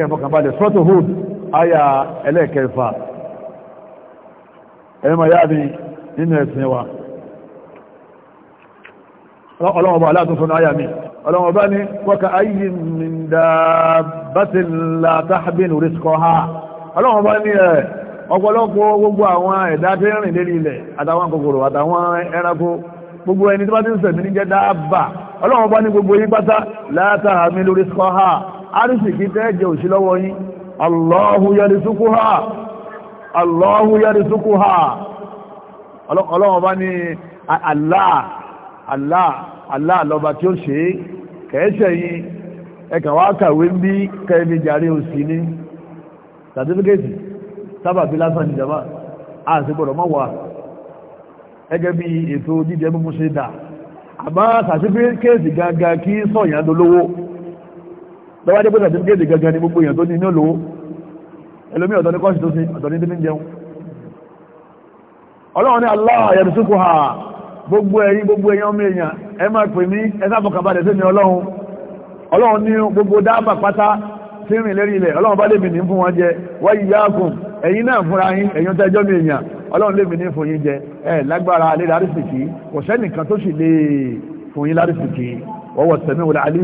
ní ọwọ́ hood aya ẹlẹ́ẹ̀kẹfà ẹ̀mọ̀ yáà nínú ẹ̀sìn wa ọlọ́wọ́ bá aláàtún fún àyà mi ọlọ́wọ́ bá ní wọ́ka ayi mìndàbátìn látàbín ríṣkọ́ha ọlọ́wọ́ bá ní ẹ̀ ọ̀pọ̀lọpọ̀ gbogbo àwọn ẹ̀dá tí rìn lérí ilẹ̀ àtàwọn kòkòrò àtàwọn ẹranko gbogbo ẹni tó bá ti ń sẹ̀mí ní jẹ́ dáàbà ọlọ́wọ́ bá ní gbogbo yín pátá látàbín Allah ala Allah lọ́ba tí ó ṣe kẹ́ẹ̀ṣẹ̀ yìí ẹkà wá kàwé ń bí kẹ́ẹ̀mí jàrí òsì ní sàtífíkẹ́tì sábàbí lásán a àti gbọ́dọ̀ mọ́ wà ẹgẹ́ bí ètò jíjẹ mímú ṣe dà àmá sàtífíkẹ́tì gangan kí sọ̀yàn tó lówó lọ́wọ́dé gbogbo ẹ̀yin gbogbo ẹ̀yin ọmọ èèyàn ẹ máa pè mí ẹ sábọ̀kàbalẹ̀ sí mi ọlọ́run ọlọ́run ní gbogbo dáàbà pátá tí rìn lérí ilẹ̀ ọlọ́run bá lè mì ní fún wọn jẹ wáyé yáàkùn ẹ̀yin náà fúnra yín ẹ̀yin mi èèyàn ọlọ́run lè fún yín jẹ ẹ lágbára lè lárísìkì kò sẹ́nìkan tó sì lè fún yín lárísìkì ọwọ́ wọlé alí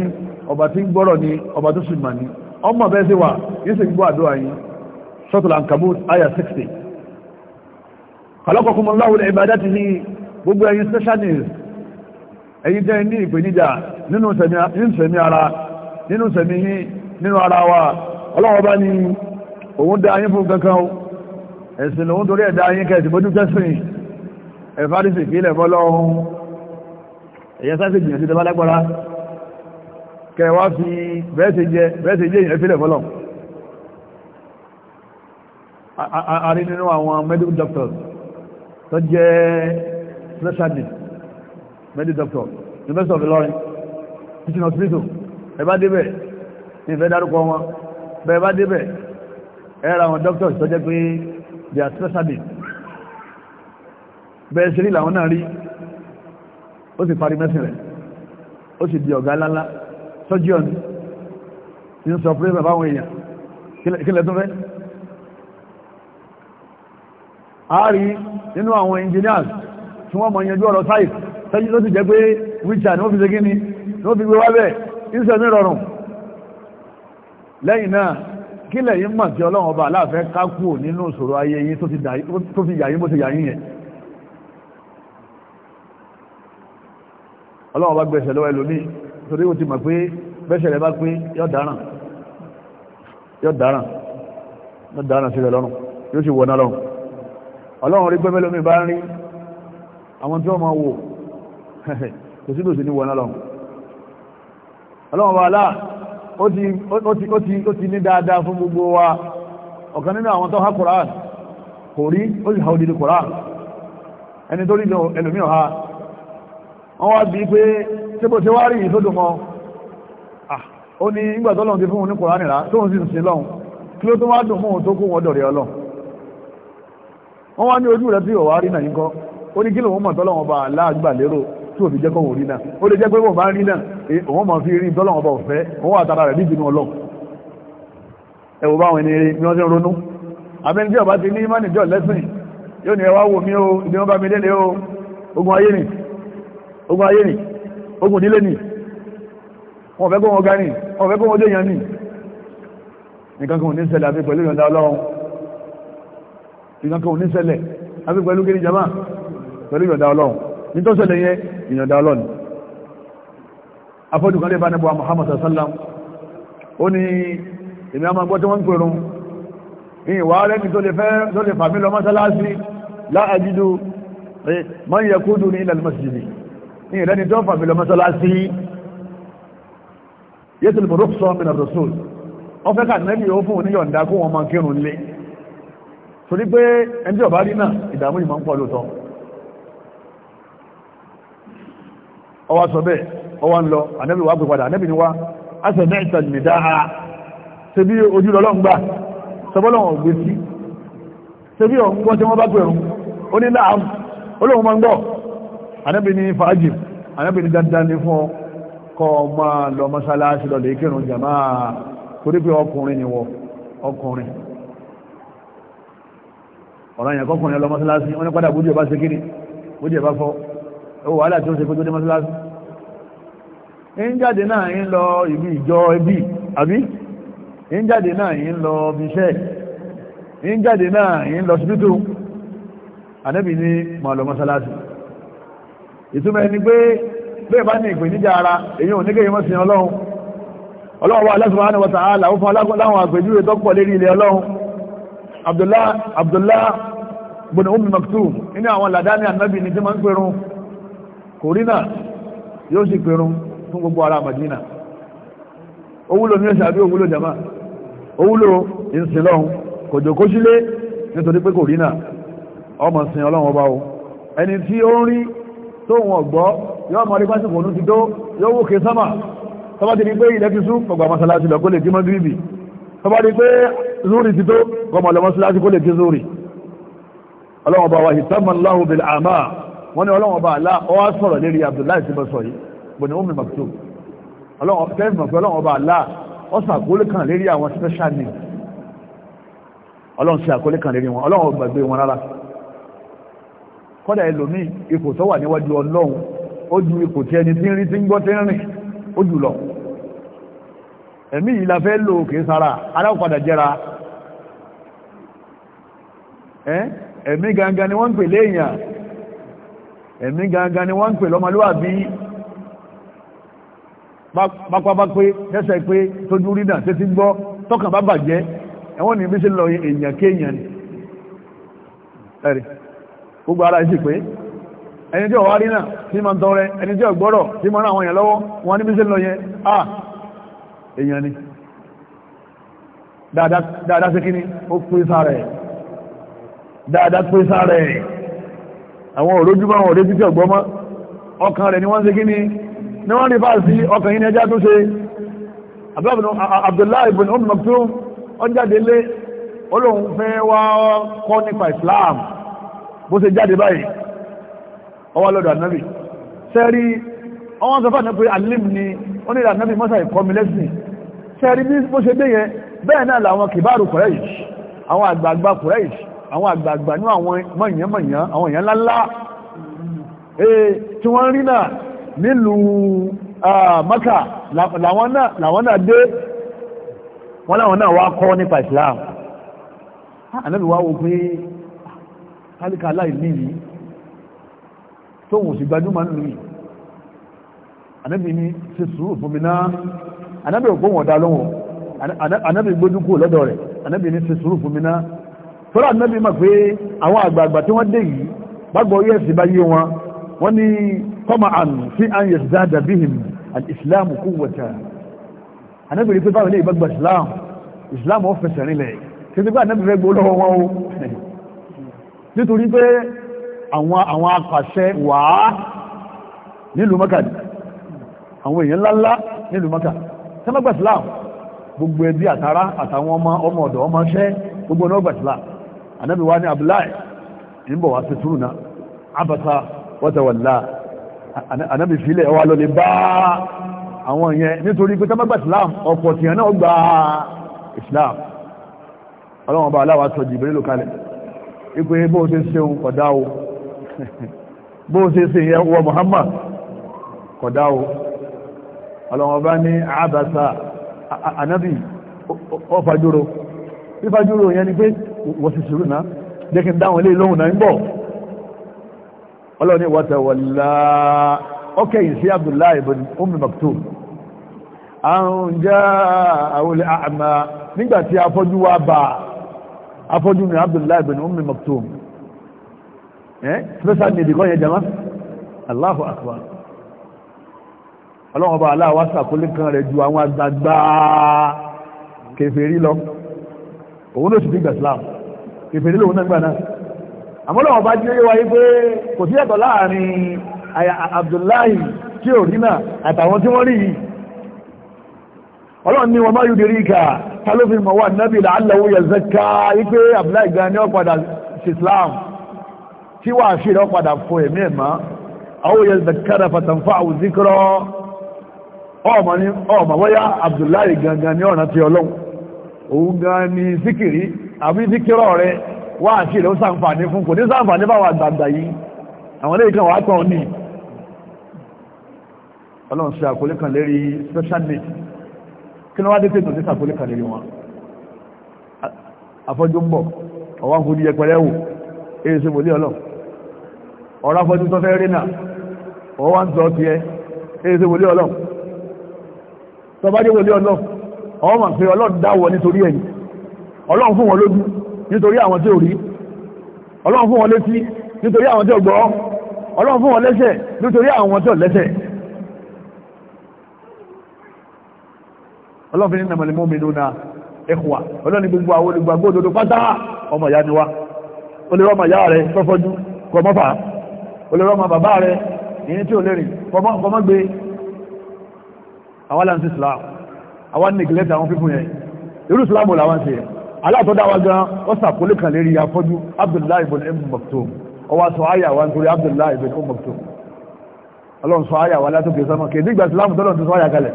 ọba tí ń gbọ́rọ̀ ni ọba tó sì mà ní ọmọ bẹ́ẹ̀ wà gbọ́ 60 gbogbo ẹ̀yin specialist ẹ̀yin tẹ́ ní ìpèníjà nínú sẹ̀mí ara nínú sẹ̀mí yín nínú ara wa ọlọ́wọ́ bá ní òun dá yín fún kankan ẹ̀sìn lòun torí ẹ̀dá yín kẹ́ẹ̀sì bójú kẹ́sìn ẹ̀fàdìsì kílẹ̀ fọ́lọ́hun ẹ̀yẹ sáfẹ́ jìyàn sí tẹ́bálágbára kẹwàá fi bẹ́ẹ̀sẹ̀ jẹ́ ìyẹn fílẹ̀ fọ́lọ́ àrí nínú àwọn medical doctors tó jẹ́ special need medical doctor university of Ilorin teaching hospital ẹ bá débẹ̀ ní ìfẹ́ dárúkọ wọn bẹ́ẹ̀ bá débẹ̀ ẹ ra àwọn doctors tó jẹ́ pé they are special need bẹ́ẹ̀ ṣe rí làwọn náà rí ó sì parí mẹ́sìn rẹ̀ ó sì di ọ̀gá ńláńlá surgeon ti ń sọ pé bàbá àwọn èèyàn kí lẹ fẹ́ a rí nínú àwọn engineers tí wọ́n mọ̀ yanjú ọ̀rọ̀ sáyé sẹ́yìn ló ti jẹ́ pé wíjà ni wọ́n fi ṣe ni ni wọ́n fi gbé wá bẹ́ẹ̀ ìṣẹ́ mi rọrùn lẹ́yìn náà kí lẹ́yìn mọ̀ tí ọlọ́run ọba aláàfẹ́ kákù nínú ìṣòro ayé yín tó fi yàyín bó ti yàyín yẹn ọlọ́run ọba gbẹ̀ṣẹ̀ lọ́wọ́ ẹlòmí torí ó ti mọ̀ pé bẹ́ṣẹ̀ rẹ̀ bá pín yọ́ dáràn yọ́ sílẹ̀ lọ́rùn yóò sì wọ́n lọ́rùn ọlọ́run rí pẹ́mẹ́lómi bá ń rí àwọn tí wọ́n máa wò kò sí lòsì ní wọ́n náà lọ́wọ́ ọlọ́wọ́ wà láà ó ti ní dáadáa fún gbogbo wa ọ̀kan nínú àwọn tó há koran kò rí ó sì ha òdìdí koran ẹni tó rí ẹlòmí ọ̀há wọ́n wá bí pé sípò tí wá rí yìí tó dùn mọ́ ó ní ìgbà tó lọ́n ti fún un ní koran nìra wọ́n wá ní ojú rẹ̀ tí ò wá rí nàyíkọ́ ó ní kí lòun mọ̀ tọ́lọ́wọ́n bá láàgbà lérò tí ò fi jẹ́ kọ́wọ́ rí náà ó lè jẹ́ pé wọ́n bá rí náà òun eh, mọ̀ fi rí tọ́lọ́wọ́n bá ọ̀fẹ́ òun àtàrà rẹ̀ níbi inú ọlọ́run ẹ̀wọ̀ báwọn ẹni rí ni wọ́n ti ń ronú abẹ́ni tí ọba ti ní mọ́nì jọ lẹ́sìn yóò ní ẹwà wo mi o ìdí wọn bá mi lélẹ̀ o ogun ayé nì ogun ayé nì ogun nílé nì wọn fẹ́ kó wọn ga nì wọn fẹ́ kó wọn déyàn nì nìkan kan ò ní ṣẹlẹ̀ àfi pẹ̀lú ìyọ̀ǹda ọlọ́run nìkan kan ò ní ṣẹlẹ̀ àfi pẹ̀lú kiri jama pẹ̀lú ìyọ̀dá ọlọ́run nítọ́sẹ̀lẹ̀ yẹ ìyọ̀dá ọlọ́run afọ́jùkan lè bá nẹ́bọ̀ Muhammad sallam ó ní èmi àmà gbọ́ tí wọ́n ń pèrún ìwà rẹ̀mí tó lè fàmí lọ mọ́sálásí láàjídú eh, man yakudu ní ilẹ̀ masjidi ìrẹni tó fàmí lọ mọ́sálásí yẹ́tùl burúkṣọ́ min ar-rasul wọ́n fẹ́ ká nẹ́bí ó fún oníyọ̀ndá kó wọn máa kírun lé torí pé ẹni tí ọ̀bá rí náà ìdààmú ìmọ̀ ń pọ̀ lóòtọ́ ọwá sọ bẹ́ẹ̀ ọwá ń lọ ànábì wà pè padà ànábì ni wá asẹ̀mẹ́ ìtàlùmí dáa ṣe bí ojú lọ́lọ́n gbà sọbọ́lọ́wọ̀n gbé sí ṣe bí ọ̀n ni fàájì ànábì ni dandan ni fún ọ kọ́ máa lọ mọ́sálásí lọ lè kírun jàmáà torí ọkùnrin ni wọ ọkùnrin ọ̀rọ̀ yẹn kọkùnrin lọ mọ́sálásí wọ́n ní padà bójú ẹ̀ bá ṣe kiri bójú ẹ̀ bá fọ́ owó wàhálà tí ó ṣe kó tó dé mọ́sálásí ń jáde náà ń lọ ibi ìjọ ẹbí àbí ń jáde náà ń lọ bíṣẹ́ ń jáde náà ń lọ síbítù ànábì ní mọ̀ lọ mọ́sálásí ìtumọ̀ ẹni pé bá ní ìpèníjà ara èyí ò ní kéyìí sí ọlọ́run ọlọ́run wa subhanahu wa ta'ala ó fún aláwọn àpèjúwe tó lérí ilẹ̀ ọlọ́run Abdullah Abdullah ibn Umm Maktum inú àwọn làdá ní ànábì ní tí ma ń pèrún kò rí náà yóò sì pẹ̀rún fún gbogbo ara Madina owúlò ní ẹ̀sẹ̀ àbí owúlò jama owúlò ìsìnlọ́hun kò jòkó sílé nítorí pé kò rí náà ọmọ sin ọlọ́run ọba o ẹni tí ó ń rí tó wọn gbọ́ yóò mọ̀ rí pásìkò ní ti tó yóò wókè sámà tọ́bá ti rí wọ́n ní ọlọ́wọ́n bá aláà ọ wá sọ̀rọ̀ lérí abdullahi ti bọ́ sọ yìí bọ̀ ní omi maktub ọlọ́wọ́n tẹ́lifù mọ̀ pé ọlọ́wọ́n bá aláà ọ sọ àkólé kan lérí àwọn special needs ọlọ́wọ́n ṣe àkólé kan lérí wọn ọlọ́wọ́n gbàgbé wọn rárá kọ́dà ẹlòmíì ipò tó wà níwájú ọlọ́run ó ju ipò tí ẹni tí ń rí tí ń gbọ́ tí ń rìn ó jù lọ ẹ̀mí yìí la fẹ́ lò kìí sára aláwọ̀padà jẹ́ra ẹ̀mí gangan ni wọ́n ń pè léèyàn ẹ̀mí gangan ni wọ́n ń pè lọ́mọlúwàbí pápápá pé tẹ́sẹ̀ pé tójú rídà tẹ́tí gbọ́ tọ́kàn bá bàjẹ́ ẹ̀wọ́n ní bí sí lọ èèyàn kéèyàn ni ẹ̀rì gbogbo ara ìsì pé ẹni tí ọ̀wá rí náà tí ma ń tọrẹ ẹni tí ọ̀gbọ́rọ̀ tí ma ń àwọn èèyàn lọ́wọ́ wọn ní bí sí lọ ni dáadáa sí kíní ó pín sára ẹ̀ dáadáa pín sára ẹ̀ àwọn òrójúmọ́ àwọn òrétí tí ọ̀gbọ́mọ́ ọkàn rẹ̀ ni wọ́n ń ṣe kí ni ní wọ́n rí fáà sí ọkàn yìí ní ẹjá tó ṣe Abdullahi ibn Umm Maktum ó jáde lé olóhun fẹ́ wá kọ́ nípa Islam bó ṣe jáde báyìí ó wá lọ́dọ̀ ànábì sẹ́rí ọwọ́n sọ fáà pé alim ni ó ní ànábì mọ́sà ìkọmi lẹ́sìn sẹ́rí bí bó ṣe dé yẹn bẹ́ẹ̀ náà làwọn kìbáàrù Quraysh àwọn àgbààgbà Quraysh àwọn àgbààgbà ní àwọn mọ̀nyánmọ̀nyán àwọn èèyàn ńláńlá eh, tí wọ́n rí náà nílùú Maka làwọn náà dé wọ́n láwọn náà wá kọ́ nípa Islam ah, ànábì wá wo pé kálíkà ah, aláìní yìí tóhùn sí gbajúmọ̀ nínú yìí ànábì ní ṣe sùúrù fún mi náà ànábì òpó wọn dá lọ́wọ́ ànábì gbójú kúrò lọ́dọ̀ rẹ̀ ànábì ní ṣe sùúrù fún mi náà tọ́lá nẹ́bí mọ̀ pé àwọn àgbààgbà tí wọ́n dé yìí gbàgbọ́ yẹ́sì bá yé wọn wọ́n ní kọ́mà àn sí àn yẹ̀ dáadáa bí him àti islam kú wọ̀tà anábìrì pé báwọn ilé ìgbàgbà islam islam ó fẹsẹ̀ rinlẹ̀ títí pé anábìrì fẹ́ gbó lọ́wọ́ wọn o nítorí pé àwọn àwọn apàṣẹ wàá nílùú mọ́kà àwọn èèyàn ńláńlá nílùú mọ́kà tẹ́mọ́gbà islam gbogbo ẹbí àtàrà àtàwọn ọmọ ọmọ ọ̀dọ̀ ọmọ ṣẹ́ gbogbo ọ̀nà ọgbà islam anábì wá ní abdullahi ń bọ̀ wá sí túrùnà abasa wọ́tẹ̀wọ̀lá anábì filẹ̀ wà lọ lè bá àwọn yẹn nítorí pé tọ́mọ́gbà islam ọ̀pọ̀ tí yẹn náà gba islam ọlọ́wọ́n bá aláwà sọ jìbìrì lókalẹ̀ ipò bó ṣe ṣeun kọ̀dá o bó ṣe ṣe yẹ wọ muhammad kọ̀dá ọlọ́wọ́n bá ní abasa anábì ọfàdúró fífájúrò yẹn ni pé wọ́n ti sùúrù náà jẹ́ kí n dáwọn ilé lóhùn náà ń bọ̀ ọlọ́ni wàtàwàlá ọkẹ̀ yìí sí abdullahi ibn ummi maktum àrùn já àwọlẹ̀ àmà nígbàtí afọ́jú wá bá afọ́jú ní abdullahi ibn ummi maktum eh special need kọ́ yẹ jama allahu akbar ọlọ́wọ́ bá aláwọ́ sàkólé kan rẹ̀ ju àwọn àgbàgbà kèfèrí lọ òun ló sì fi gbà Islam ìfèdè lòun náà gbà náà àmọ́ lọ́wọ́ bá jẹ́ wáyé pé kò sí ẹ̀tọ́ láàrin Abdullahi tí ò rí náà àtàwọn tí wọ́n rí yìí ọlọ́run ni wọ́n máa yóò dérí ìkà ta ló fi mọ̀ wà nábì làálàwò yẹ̀zẹ́ká wípé Abdullahi gan ni ó padà sí Islam tí wà á ṣèrè padà fún ẹ̀mí ẹ̀má àwọn yẹ̀zẹ́kára fàtàǹfà àwùzíkọ́rọ́ ọmọ bóyá Abdullahi gangan ni ọ̀nà ti ọlọ́run òun gan ni síkìrí àbí síkìrọ̀ rẹ wá àṣì rẹ̀ ó sàǹfàní fún kò ní sàǹfàní bá wà gbàgbà yìí àwọn ilé ìkan wà tán ní ọlọ́run ṣe àkólé kan lérí special need kí ló wá dé tètò sí àkólé kan lérí wọn afọ́jú ń bọ̀ ọwá ọwọ́ ma fi ọlọ́run dáwọ nítorí ẹ̀yìn ọlọ́run fún wọn lójú nítorí àwọn tí ò rí ọlọ́run fún wọn létí nítorí àwọn tí ò gbọ́ ọlọ́run fún wọn lẹ́sẹ̀ nítorí àwọn tí ò lẹ́sẹ̀ ọlọ́run fi ní nàmàlẹ̀ àwọn olùgbàgbọ́ islam àwọn neglect àwọn fífún yẹn irú islam làwọn ṣe aláàtọ́dá wa gan wọ́n sàkólé kan lérí afọ́jú abdullahi ibn ibn umm maktoum ọwá sọ ayà wa nítorí abdullahi ibn ibn umm maktoum ọlọ́run sọ ayà wa látòkè sọ́mọ́ kèdè ìgbà islam tọ́lọ̀ ti sọ ayà kalẹ̀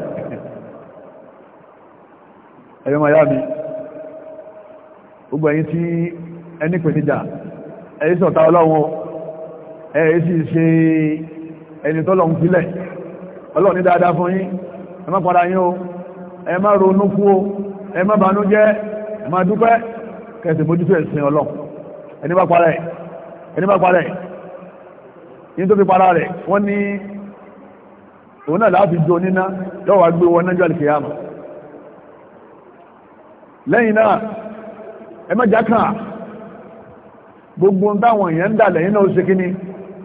ẹ̀yọ́ miami gbogbo ẹ̀yin tí ẹni pènijà ẹ̀yí sọ̀tá ọlọ́run ẹ̀yí sì ṣe ẹni tọ́lọ̀ ń filẹ̀ ọlọ́run ní dáadáa fún yín ẹ padà yín o ẹ má ronú kú o ẹ má banújẹ́ ẹ má dúpẹ́ kẹsì mójútó ẹ̀sìn ọlọ́ ẹni bá parẹ́ ẹni bá parẹ́ yí tó fi para rẹ̀ wọ́n ní òun náà láti jó níná yọ́wà gbé wọn náà jọ àlìkìyàmà lẹ́yìn náà ẹ má jákàn gbogbo táwọn èèyàn ń dà lẹ́yìn náà ó ṣe kíní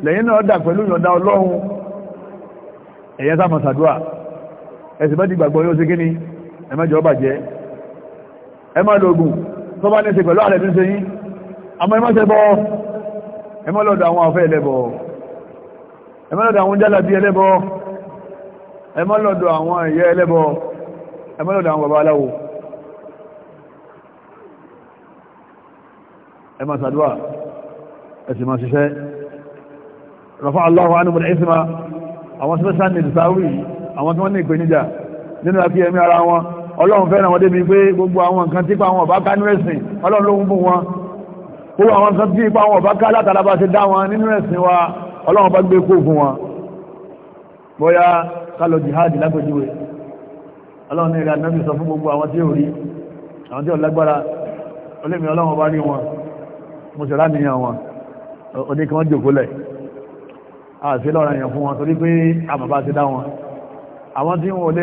lẹ́yìn náà dà pẹ̀lú ìyọ̀dá ọlọ́run ẹ̀yẹ́ sáfàṣàdúrà ẹ̀sìn bá ti gbàgbọ́ yóò ṣe kíní ẹ má jẹ́ ọba jẹ́ ẹ má lògùn tó bá ní ṣe pẹ̀lú ààrẹ tó ṣe yí àmọ́ ẹ má ṣẹbọ ẹ má lọ́dọ̀ àwọn àfẹ́ ẹlẹ́bọ ẹ má lọ́dọ̀ àwọn jálàbí ẹlẹ́bọ ẹ má lọ́dọ̀ àwọn ẹ̀yẹ ẹlẹ́bọ ẹ má lọ́dọ̀ àwọn bàbá aláwo ẹ nínú àfihẹ́mí ara wọn ọlọ́run fẹ́ràn wọn débi pé gbogbo àwọn nǹkan tí ipa àwọn ọ̀bá ká nínú ẹ̀sìn ọlọ́run ló ń bù wọn gbogbo àwọn nǹkan tí ipa àwọn ọ̀bá ká látara bá ṣe dá wọn nínú ẹ̀sìn wa ọlọ́run bá gbé kó fún wọn bóyá kálọ̀ jihadi lágbèjúwe ọlọ́run ní ìrìn ànábì sọ fún gbogbo àwọn tí ò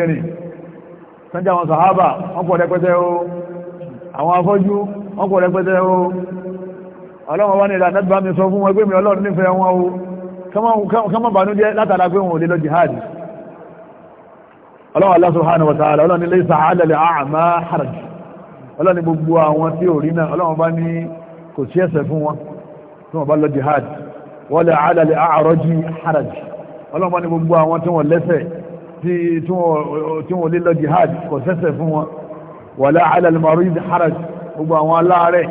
rí sánjá àwọn sàhábà wọ́n pọ̀ rẹpẹtẹ o àwọn afọ́jú wọ́n pọ̀ rẹpẹtẹ o ọlọ́wọ́n wá ní ìlànà bá mi sọ fún wọn pé mi ọlọ́run nífẹ̀ẹ́ wọn o kọ́mọ̀ bànújẹ́ látara pé wọn ò lè lọ jihad ọlọ́wọ́n Allah subhanahu wa ta'ala ọlọ́ni lè sàádàlẹ̀ àmà haraj ọlọ́ni gbogbo àwọn tí ò rí náà ọlọ́wọ́n bá ní kò sí ẹ̀ṣẹ̀ fún wọn tí wọ́n tí wọ́n lè lọ jihad kò sẹ́sẹ̀ fún wọn wala ala al-marid haraj gbogbo àwọn aláàrẹ̀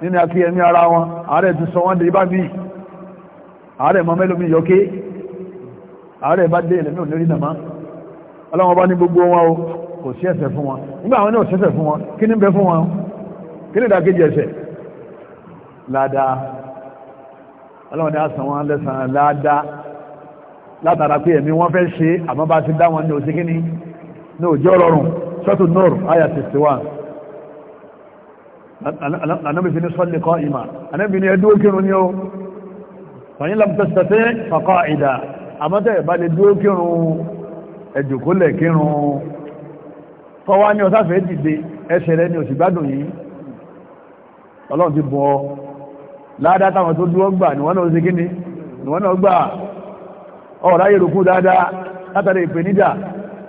nínú àti ẹ̀mí ara wọn ààrẹ ti sọ wọ́n dé bá bí ààrẹ mọ́mẹ́lómi yọké ààrẹ bá dé ẹ̀lẹ́mí òní nàmá ọlọ́wọ́n bá ní gbogbo wọn o kò sí ẹ̀ṣẹ̀ fún wọn nígbà àwọn náà sẹ́sẹ̀ fún wọn kí ní bẹ fún wọn kí ní ìdàkejì ẹ̀ṣẹ̀ ládàá ọlọ́wọ́n ni a sàn wọn lẹ́sàn ládàá látara pé ẹ̀mí wọ́n fẹ́ ṣe àmọ́ bá ti dá wọn ní òsì kíní ní òjò rọrùn sọ́tù nọ́ọ̀rù àyà 61 anábìfin ní sọ́lẹ̀ kọ́ ìmà anábìfin ní ẹdúró kírun ní ó wọ́nyí lámtẹ́sẹ̀tẹ́ fàkọ́ ìdá àmọ́tẹ́ ìbá lè dúró kírun ẹjùkúlẹ̀ kírun fọ́wá ní ọsáfẹ́ dìde ẹsẹ̀ rẹ ní òsì gbádùn yìí ọlọ́run ti bọ́ ládá táwọn tó dúró gbà níwọ́n náà ó ṣe kíní níwọ́n náà gbà ọ̀rá yẹ rùkú dáadáa látàrí ìpèníjà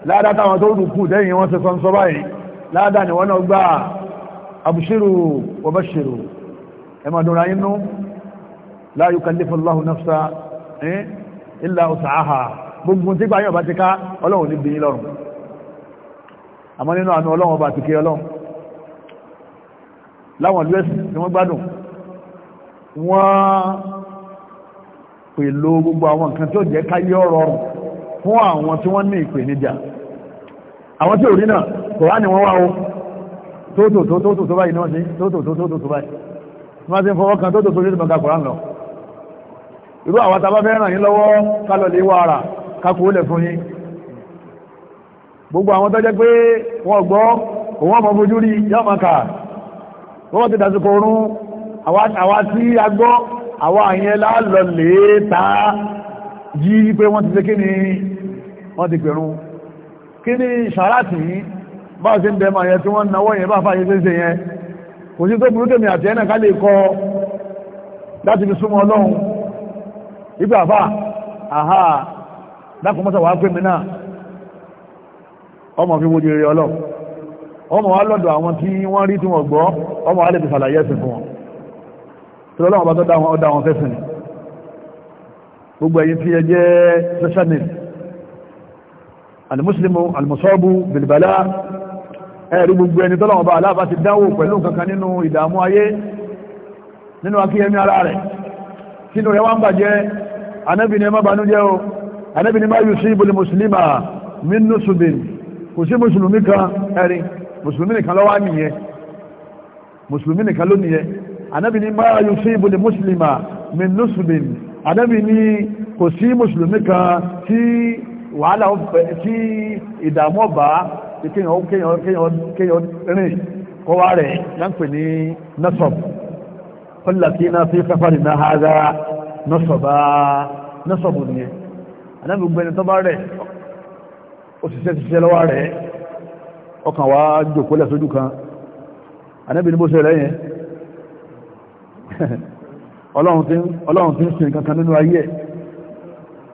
láàdá táwọn tó rùkú dẹ́yìn wọ́n ṣe sọ́nsọ́ báyìí láàdá ni wọ́n náà gbá àbùṣírù ọbẹ̀ṣírù ẹmọ̀dúnra inú la yukallifu Allahu nafsa illa usaha gbogbo tí gbáyàn bá ti ká ọlọ́run ní pèlò gbogbo àwọn nǹkan tí ó jẹ́ káyé ọ̀rọ̀ fún àwọn tí wọ́n ní ìpèníjà àwọn tí ò rí náà kòrá ni wọ́n wá o tótòtótótó báyìí náà sí tótòtótótó báyìí wọ́n ti ń fọwọ́ kan tótòtó ní ìdìbọn kakòrá lọ irú àwọn tàbá fẹ́ ràn yín lọ́wọ́ kálọ̀ lè wà ara kakòólẹ̀ fún yín gbogbo àwọn tó jẹ́ pé wọ́n gbọ́ òun ọmọ fojú rí yọ́ mọ̀ kà wọ́n ti dàsìkò orún àwa tí a gbọ́ àwọn àyẹn láàlọ lè ta yí pé wọ́n ti ṣe kíni wọ́n ti pẹ̀rún kíni ṣàrátì yìí bá ṣe ń dẹ̀mọ̀ yẹn tí wọ́n náwọ́ yẹn bá fàyẹ ṣe ṣe yẹn kò sí tó burú tèmi àti ẹ̀nà ká lè kọ láti fi súnmọ́ ọlọ́run ipò àfà àhà dákùnmọ́sà wà pè mí náà ọmọ fi wojú rere ọlọ́ ọmọ wa lọ́dọ̀ àwọn tí wọ́n rí tí wọ́n gbọ́ ọmọ wa lè fi ṣàlàyé ẹ̀sìn fún wọn tọ́lọ́ ọba tó dáwọn ọdá wọn fẹ́sìn gbogbo ẹ̀yin tí ẹ jẹ́ sẹ́sẹ́nì alimuslimu alimusọ́bù bilibala ẹ̀rí gbogbo ẹni tọ́lọ́ ọba aláàbá ti dánwò pẹ̀lú kankan nínú ìdààmú ayé nínú akíyẹmí ara rẹ̀ sínú rẹ̀ wá ń bàjẹ́ anábì ni ẹ má banújẹ́ o anábì ni má yusibu li muslima min nusubin kò sí mùsùlùmí kan ẹ̀rí mùsùlùmí nìkan ló wà nìyẹn mùsùlùmí nìkan ló nìyẹn anábì ní máa yóò sí ibùdó mùsùlùmá min nusbin anábì ní kò sí mùsùlùmí kan tí wàhálà tí ìdààmú ọba kéèyàn rìn kọwa rẹ̀ láǹpẹ̀ ní nasab kọlàkí náà fi sáfàrì náà hádá nasọ̀bá nasọ̀bù ní ẹ̀ anábì gbẹni tó bá rẹ̀ òṣìṣẹ́ ṣiṣẹ́ lọ́wọ́ rẹ̀ ọkàn wá jòkó lẹ́sọ́jú kan anábì ní bó ṣe rẹ̀ yẹn ọlọ́run tí ń sin kankan nínú ayé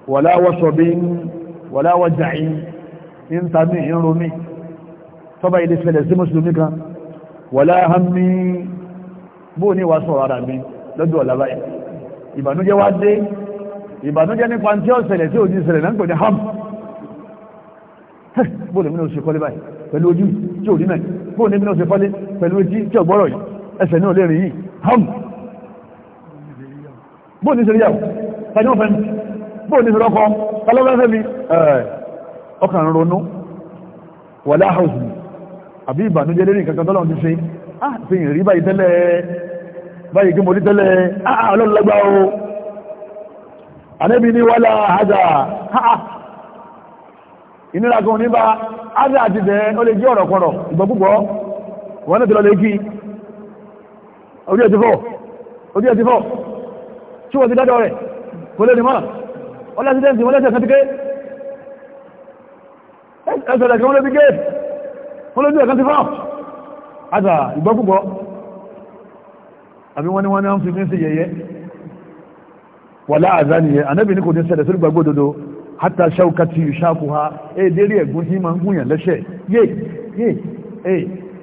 wala wasabin wala waja'in ń ta mí ìrún mi tọ́ba ilé ṣẹlẹ̀ sí mùsùlùmí kan wala hammi bóò ní wà sọ̀rọ̀ ara mi lọ́jọ́ ọ̀la báyìí ìbànújẹ́ wá dé ìbànújẹ́ nípa tí ó ṣẹlẹ̀ tí òjì ṣẹlẹ̀ náà ń pè ní ham bóò lèmi náà kọ́lé báyìí pẹ̀lú ojú tí ò rí mẹ́ bóò lèmi náà kọ́lé pẹ̀lú ojú tí ọ̀gbọ́rọ̀ yìí ẹsẹ̀ náà lè rìn yìí ham bóò ní sẹ́ríyàwó tàjọ́ fẹ́ mi bóò ní sẹ́rọ́kọ́ tàlọ́fẹ́ mi ọkàn ronú wà láhàùsù àbí ìbànújẹ́ lérí kankan tọ́lọ̀ ti ṣe ah rí báyìí tẹ́lẹ̀ báyìí kí mo rí tẹ́lẹ̀ ẹ̀ ti fọ́ tí wọ́n ti dájọ́ rẹ̀ kò lè nìmọ́ ọlọ́sídẹ́ntì wọ́n lẹ́sẹ̀ kan ti gé ẹsẹ̀ rẹ̀ kan wọ́n lè ti gé wọ́n lójú ẹ̀kan ti fọ́ àtà ìgbọ́kúgbọ́ àbí wọ́n ni wọ́n ni wọ́n fi mí sí yẹyẹ wà láàzá nìyẹn anábì ní kò ní ṣẹlẹ̀ sórí gbàgbọ́ òdodo hátà ṣáukà ti ìṣàkùhá èdè rí ẹ̀gún tí máa ń gúnyàn lẹ́ṣẹ̀ yé yé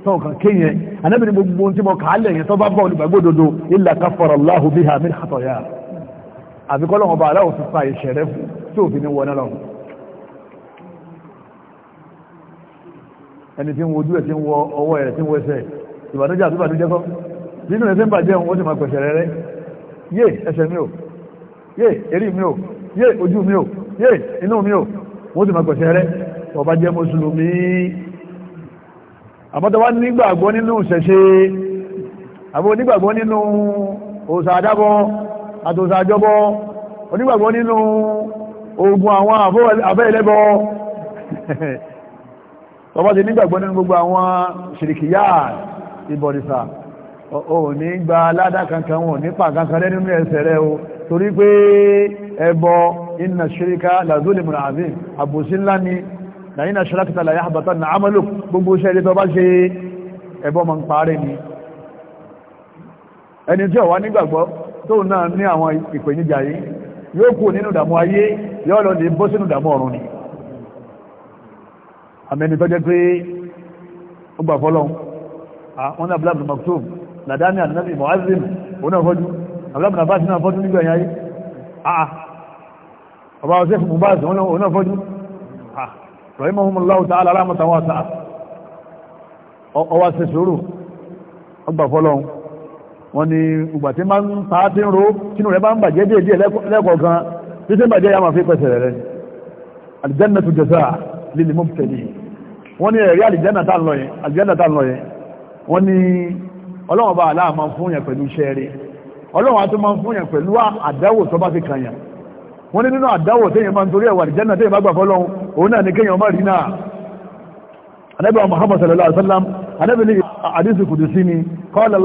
tán kan kéyẹn anábì ní gbogbo ohun tí mo kà á lẹ̀ yẹn tó bá bọ̀ olùgbàgbọ́ òdodo illa kafara Allahu biha min khataya àfi kọ́ lọ́wọ́ bá aláwọ̀ ti fa ìṣẹ̀rẹ́ tí òfin ní wọná lọ ẹni tí ń wojú ẹ̀ tí ń wọ ọwọ́ ẹ̀ tí ó sì máa wọ́n sì máa ọba jẹ́ mùsùlùmí àmọ́tọ́wá nígbàgbọ́ nínú ṣẹ̀ṣe àbò nígbàgbọ́ nínú òòsà àdábọ́ àtòòsà àjọbọ́ onígbàgbọ́ nínú ogun àwọn àfẹ́ ẹlẹ́bọ tọba ti nígbàgbọ́ nínú gbogbo àwọn ṣìrìkìyà ìbọ̀rìṣà ò ní gba aládá kankan wọn nípa kankan lẹ́nu ẹsẹ̀ rẹ o torí pé ẹbọ inna ṣíríkà lazolimun azim àbòsí ńlá ni lẹ́yìn aṣọ́lákítà láyé àbàtà ní àmàlò gbogbo iṣẹ́ ilé tó bá ṣe ẹbọ ma ń parí ni ẹni tí ọ̀wá nígbàgbọ́ tó náà ní àwọn ìpèníjà yìí yóò kú nínú ìdàmú ayé yóò lọ lè bọ́ sínú ìdàmú ọ̀run ni àmẹ́ni tó jẹ́ pé ó gbà fọ́lọ́ wọn ní abúlábùn maktoum ladani anabi muazim òun náà fọ́jú abúlábùn abáṣe náà fọ́jú nígbà yẹn ayé ọba ọsẹ fún mubaz òun náà fọ́jú rahimahumullahu ta'ala rahmatan wasi'a ọwá ṣe sùúrù ọgbà fọ́lọ́un wọ́n ni ìgbà tí máa ń ta tí ń ro kínú rẹ̀ bá ń bàjẹ́ díẹ̀ díẹ̀ lẹ́kọ̀ọ̀kan tí tí ń bàjẹ́ ya máa fi pẹ̀sẹ̀ rẹ̀ aljannatu jazaa lil mubtadi wọ́n ni ẹ̀rí aljanna tá lọ yẹn aljanna tá lọ yẹn wọ́n ni ọlọ́wọ́n bá aláà máa fún yẹn pẹ̀lú iṣẹ́ rẹ̀ ọlọ́wọ́n á tún máa fún yẹn pẹ̀lú àdáwò tó bá fi kàn yẹn wọ́n ní nínú àdáwọ̀ tẹ́yìn máa ń torí ẹ̀wà ìjẹ́nà tẹ́yìn bá gbà fọ́lọ́un òun náà ní kíyàn mọ́ rí náà anábì Muhammad sallallahu alaihi wasallam anábì ní àdísì kùdùsí ni qala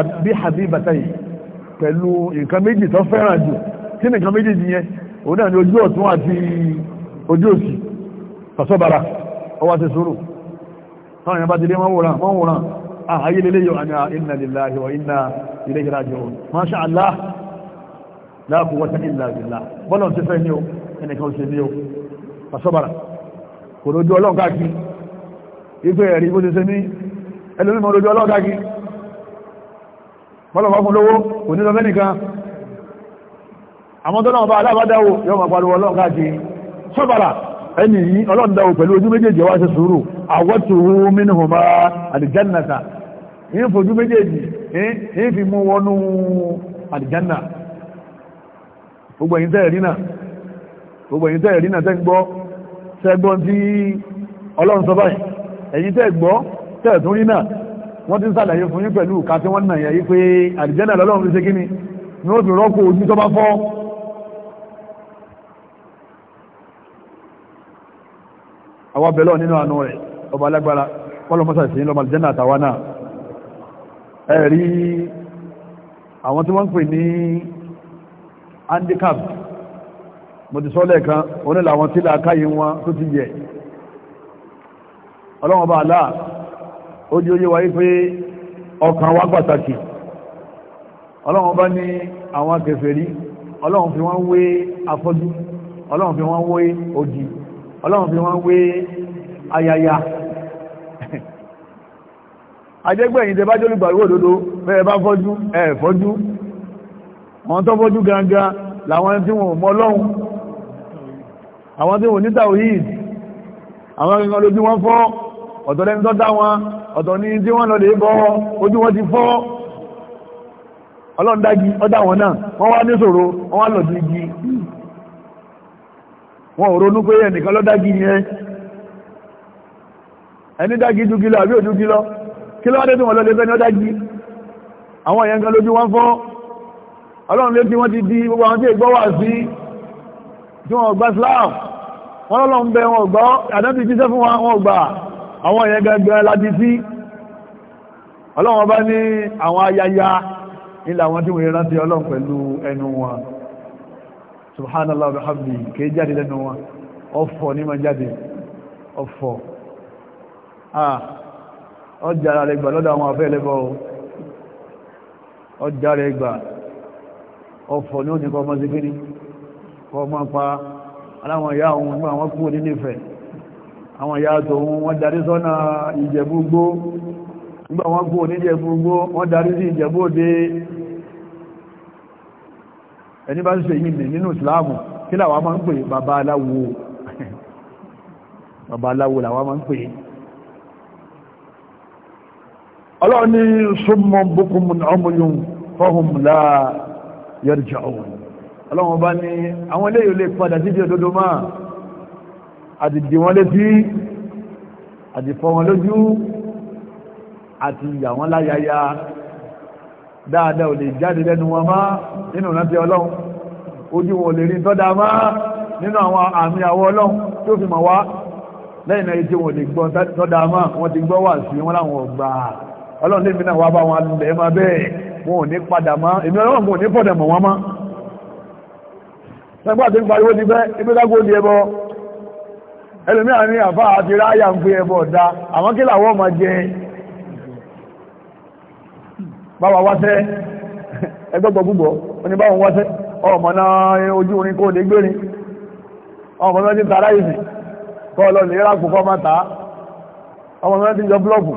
Allah pẹ̀lú nǹkan méjì tó fẹ́ràn jù tí nǹkan méjì yẹn òun náà ni ojú ọ̀tún àti ojú òsì fasọ́bara ọwá ti sùúrù táwọn èèyàn bá ti dé wọ́n wòrán wọ́n wòrán ààyè ah, lélé yóò àní ah, inna lillahi wa inna ilayhi raji'un masha Allah la quwwata illa billah bọ́lọ̀ ti fẹ́ ní o ẹnìkan ṣe ní o pàṣọ́bàrà kò lójú ọlọ́run káàkiri ìgbé ẹ̀rí bó ti ṣe ní ẹlòmímọ̀ ẹni yìí ọlọ́ndáwò pẹ̀lú ojú méjèèjì wá ṣe sùúrù àwọ́tòwò mínú ma àlìjánàta yìí fojú méjèèjì yìí fi mú wọnú àlìjánà gbogbo ẹ̀yin tẹ́ẹ̀rí náà tẹ́gbọ́ tẹ́gbọ́n tí ọlọ́run sọ báyìí ẹ̀yin tẹ́gbọ́ tẹ́ẹ̀tún rí náà wọ́n ti ń sàlàyé fún yín pẹ̀lú kàtí wọ́n nà yẹ̀ yí pé àlìjánà lọ́lọ́run àwọn abẹ̀lọ́ nínú àánú rẹ̀ ọba alágbára kọlọmọ́sà sí lọ́mọ aljanna àtàwà náà ẹ̀rí àwọn tí wọ́n ń pè ní handicap mọ̀tísọ́lẹ̀ kan onílà àwọn tí làákàyè wọn tó ti yẹ ọlọ́wọ́n bá aláà ó jí oyé wáyé pé ọkàn wá pàtàkì ọlọ́wọ́n bá ní àwọn kèfèrí ọlọ́wọ́n fi wọ́n wé afọ́jú ọlọ́wọ́n fi wọ́n wé òdì ọlọ́run fi wọ́n wé ayaya adégbẹ̀yìn tẹ bá jẹ́ olùgbàwó òdodo bẹ́ẹ̀ bá fọ́jú ẹ̀ fọ́jú wọ́n tó fọ́jú gangan láwọn tí wọ́n mọ̀ lọ́hun àwọn tí wọ́n ní tàwíìd àwọn akẹ́kọ̀ọ́ lójú wọ́n fọ́ ọ̀tọ̀ lẹ́ni tó dá wọn ọ̀tọ̀ ní tí wọ́n lọ lè bọ́ ojú wọn ti fọ́ ọlọ́ndági ọdá wọn náà wọ́n wá ní wọn ò ronú pé ẹnìkan lọ dági yẹn ẹni dági dúgí lọ àbí òdúgí lọ kí ló wá dé tí wọ́n lọ lè fẹ́ ní ọ dági àwọn èèyàn kan lójú wọn fọ́ ọlọ́run lé tí wọ́n ti di gbogbo àwọn tí ègbọ́ wà sí tí wọ́n gbá Islam wọ́n lọ́lọ́run bẹ wọn gbọ́ àdábì jíṣẹ́ fún wọn gbà àwọn èèyàn gangan láti sí ọlọ́run bá ní àwọn ayaya ilẹ̀ àwọn tí wọ́n rántí ọlọ́run pẹ̀lú ẹnu wọn subhanallah wa bihamdi kìí jáde lẹ́nu wọn ma jáde ọ̀fọ̀ ọjà rẹ̀ gbà lọ́dọ̀ àwọn afẹ́ ẹlẹ́bọ̀ ọjà rẹ̀ gbà ọ̀fọ̀ ní òní kọmọ sí kíní kọmọ pa aláwọn wọn àwọn ìyá wọ́n darí sọ́nà ìjẹ̀bú gbó nígbà ẹni bá ń ṣe yìí nì nínú ìsìláàmù kí làwọn máa ń pè bàbá aláwo bàbá aláwo làwọn máa ń pè ọlọ́run ní súnmọ́ bukumun ọmọyún fọ́hùn láà yẹrìjà òun ọlọ́run bá ní àwọn dáadáa ò lè jáde lẹ́nu wọn máa nínú ìrántí ọlọ́run ojú wọn ò lè rí tọ́da máa nínú àwọn àmì àwọ ọlọ́run tí ó fi mọ̀ wá lẹ́yìn náà tí wọ́n lè gbọ́ tọ́da máa wọ́n ti gbọ́ wà sí wọ́n láwọn ọgbà ọlọ́run lèmi náà wá bá wọn lẹ̀ máa bẹ́ẹ̀ wọn ò ní padà máa èmi ọlọ́run kò ní pọ̀dà mọ̀ wọ́n báwa wáṣẹ́ ẹgbẹ́gbọ́ gbogbo oní báwọn wáṣẹ́ ọmọ náà ojú orin kó dégbérin ọmọ mẹ́rin ti tààrà ìsìn kọ́ lọ ní ìrákù kọ́ máa tàá ọmọ mẹ́rin ti jọ blọ́ọ̀kù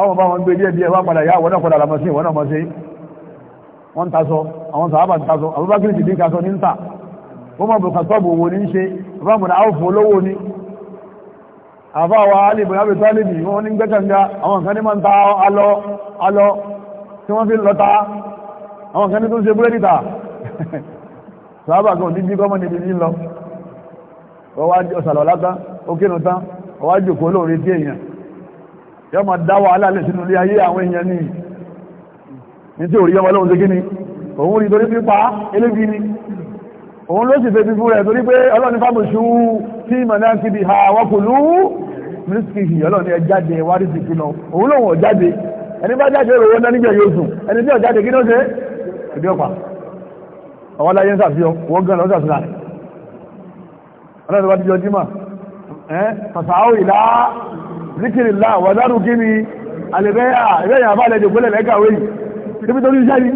ọmọ bá wọn gbé díẹ̀ díẹ̀ wá padà yá wọ́nà padà lámọ́sí wọ́nà mọ́sí wọ́n tasọ àwọn sàábà ń tasọ àbúbákìrì ti dín kasọ ní ń tà wọ́n mọ̀ bùkà sọ́ọ̀bù owó ní ń ṣe àbámọ̀nà áwòfò tí wọ́n fi lọ́ta àwọn kan ní tó ń ṣe búrẹ́dì ta sábà kan ní jíkọ́ mọ́ níbi lílọ ọ̀sàlọ̀ látá ókèlò tán ọwájú kó lóore tí èèyàn yọ ma dá wàhálà lè sínú ilé ayé àwọn èèyàn ní ní tí òrí ọmọ lóhun ṣe òun rí torí pípa elébi ni òun ló sì fẹ́ fífú rẹ̀ torí pé ọlọ́ni fábùsù tí mọ̀ná ti di ha wọ́kùlú mínísìkì ọlọ́ni ẹ jáde wárí sí kí lọ òun lóhun ọ̀ jáde ẹni bá jáde òwò náà nígbẹ̀ yóò sùn ẹni tí ọ̀jáde kí ní ó ṣe ìdí ọ̀pá àwọn aláyé ń sàfihàn wọ́n gan lọ́sà sílá ọlọ́dọ̀ wá ti jọ jímà ẹ́ fàṣàáwò ìlà ríkìrì ìlà wàzárù kí ni alẹ́bẹ́yà ìbẹ́yà bá lẹ́jọ gbọ́lẹ̀ lẹ́gàwé yìí níbi tó ní iṣẹ́ ni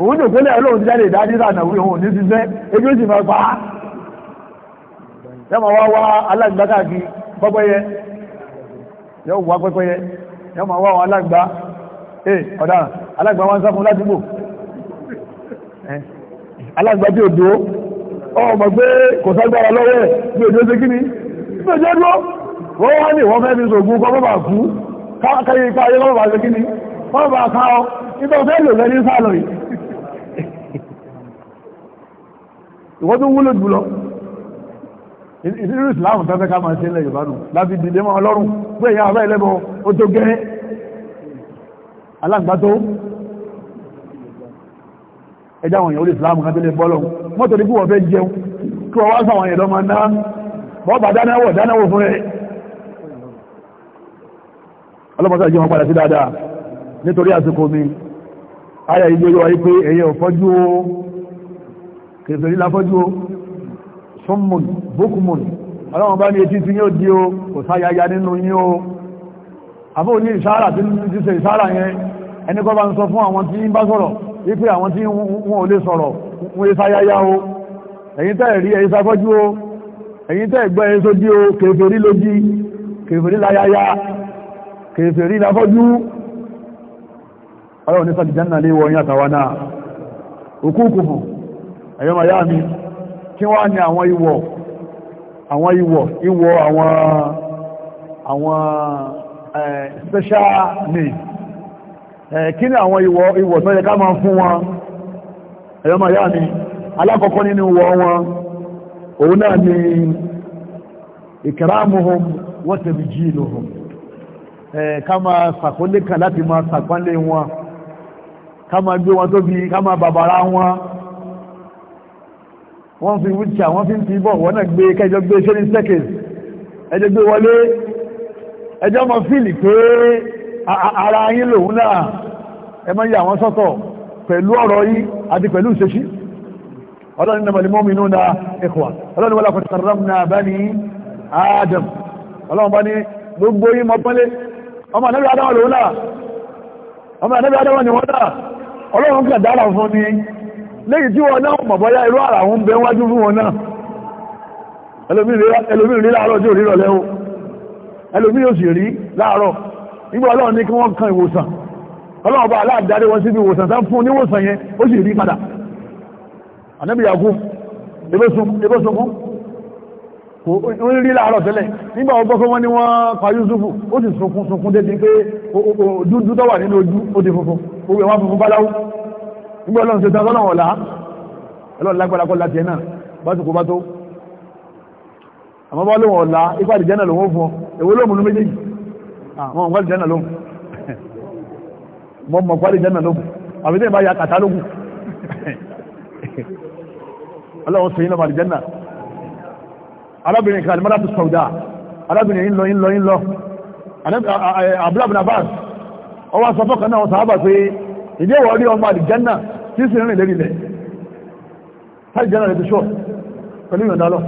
òun jò gbọ́lẹ̀ ọlọ́run ti jáde ìdájí ìlànà orí òun ní ṣiṣẹ́ ebi ó sì máa pa á yọmọ wá wá alágbá káàkiri pẹ́pẹ́yẹ yọ wá pẹ́pẹ́yẹ yọmọ wá wá alágbá ee eh, ọ̀daràn alágbà wọn sá fún ládùúgbò eh, alágbà tí òdò ọmọ pé kò ságbára lọ́wọ́ ẹ̀ bí òdò ṣe kí ni bí òdò dúró wọ́n wá ní wọ́n fẹ́ fi sògùn kọ́ bọ́bà kú káàkiri ká ayé lọ́wọ́ bá ṣe kí ni wọ́n bá ká ọ nígbà fẹ́ lò lẹ́ni sálọ yìí ìwọ́n tó wúlò jùlọ ìdírí ìsìláàmù tẹ́fẹ́ ká máa ṣe ilẹ̀ Yorùbá nù láti dìde mọ́ Ọlọ́run pé ìyá àbá ìlẹ́bọ̀ ó tó gẹ́rẹ́ alágbàtó ẹjá wọ̀nyàn orí islam kan tó lè bọ́lọ̀ mọ́tò ní kí wọ́n fẹ́ jẹun kí wọ́n wá sáwọn ẹ̀dọ́ ma náà bọ́ọ̀bà dánáwọ̀ dánáwọ̀ fún rẹ̀ ọlọ́pàá jẹ́ wọn padà sí dáadáa nítorí àsìkò mi ayà ìgbé yọ wáyé pé o kèfè nílá fọ́jú o sọ́mùn bókùmùn ọlọ́wọ́n bá ní etí tí yóò di o kò sáyáyá nínú yín àbó ní ìsára tí ti ṣe ìsára yẹn ẹni kọ́ bá ń sọ fún àwọn tí ń bá sọ̀rọ̀ wípé àwọn tí wọn ò lè sọ̀rọ̀ wọn èsà yáyá o ẹ̀yin tẹ́ rí ẹ̀yìn sàfọ́jú o ẹ̀yin tẹ́ gbọ́ ẹ̀yìn sójú o kèfèrí lójí kèfèrí láyáyá kèfèrí láfọ́jú ọlọ́run ní sàtìjánà lè wọ́n yàtàwà náà òkúùkù fún ẹ̀yọ́ màyá mi kí wá special needs kí ni àwọn ìwọ̀ ìwọ̀ tó yẹ ká máa fún wọn ni alákọ̀ọ́kọ́ nínú ìwọ̀ wọn òun náà ni ìkìrámuhum wọ́n tẹ̀bí jíìlúhum ká máa sàkólé kan láti máa sàpánlé wọn ká máa gbé wọn tóbi ká máa bàbàrá wọn wọ́n fi wíṣà wọ́n fi ń ti bọ̀ wọ́n náà gbé kẹjọ gbé ṣe ní sẹ́kẹ̀ẹ́ ẹjọ gbé wọlé ẹjọ́ mọ̀ fíìlì pé ara yín lòun náà ẹ mọ́ yà wọ́n sọ́tọ̀ pẹ̀lú ọ̀rọ̀ yìí àti pẹ̀lú ìṣeṣí ọlọ́ni na malimọ́ mi núna ẹkùwà ọlọ́ni wọ́n lápọ̀ tàràm náà bá ní adam ọlọ́run bá ní gbogbo yí mọ́pẹ́lẹ́ ọmọ anábí adam lòun náà ọmọ anábí adam ni wọ́n náà ọlọ́run kà dára fún ni lẹ́yìn tí wọ́n náà mọ̀bọ́yá irú àrà ń wájú fún wọn náà ẹlòmíràn rí láàárọ̀ tí ò rírọ̀ lẹ́wọ́ ẹlòmí yóò sì rí láàárọ̀ nígbà ọlọ́run ní kí wọ́n kan ìwòsàn ọlọ́run bá aláàdáre wọn síbi ìwòsàn tán fún níwòsàn yẹn ó sì rí padà ànábìyàkú ebósunkún ó rí láàárọ̀ tẹ́lẹ̀ nígbà ọgbọ́ fún wọn ni wọ́n pa Yusufu ó sì sunkún sunkún dé ti pé dúdú tó wà nínú ojú ó di funfun owó ẹ̀wọ́n funfun báláwú nígbà ọlọ́run ṣe tán ọlọ́run ọ̀la ọlọ́run lágbára kọ́ láti ẹ̀ náà bá ti kó bá tó àmọ́ bá lóun ọ̀la ipá àdìjẹ́ náà lòun ó fún ọ èwo ló múnú méjèèjì àwọn ah. ọmọ ìjẹ́ náà lóhùn mọ́ mọ̀ pálí ìjẹ́ náà lóhùn àbí tẹ́ bá ya kàtà lóhùn ọlọ́run sọ yín lọ́mọ àdìjẹ́ náà arábìnrin kan alimọ́dá tó sọ̀dá arábìnrin yín lọ yín lọ yín lọ abúlábìnrin abáàs ọwọ́ sọ fọ́kàn náà sàábà pé ìdí ìwọ̀ rí ọmọ àdìjẹ́ náà tí sì rìn lérí lẹ̀ táì jẹ́ náà rẹ̀ ti ṣọ́ pẹ̀lú ìyọ̀ndà lọ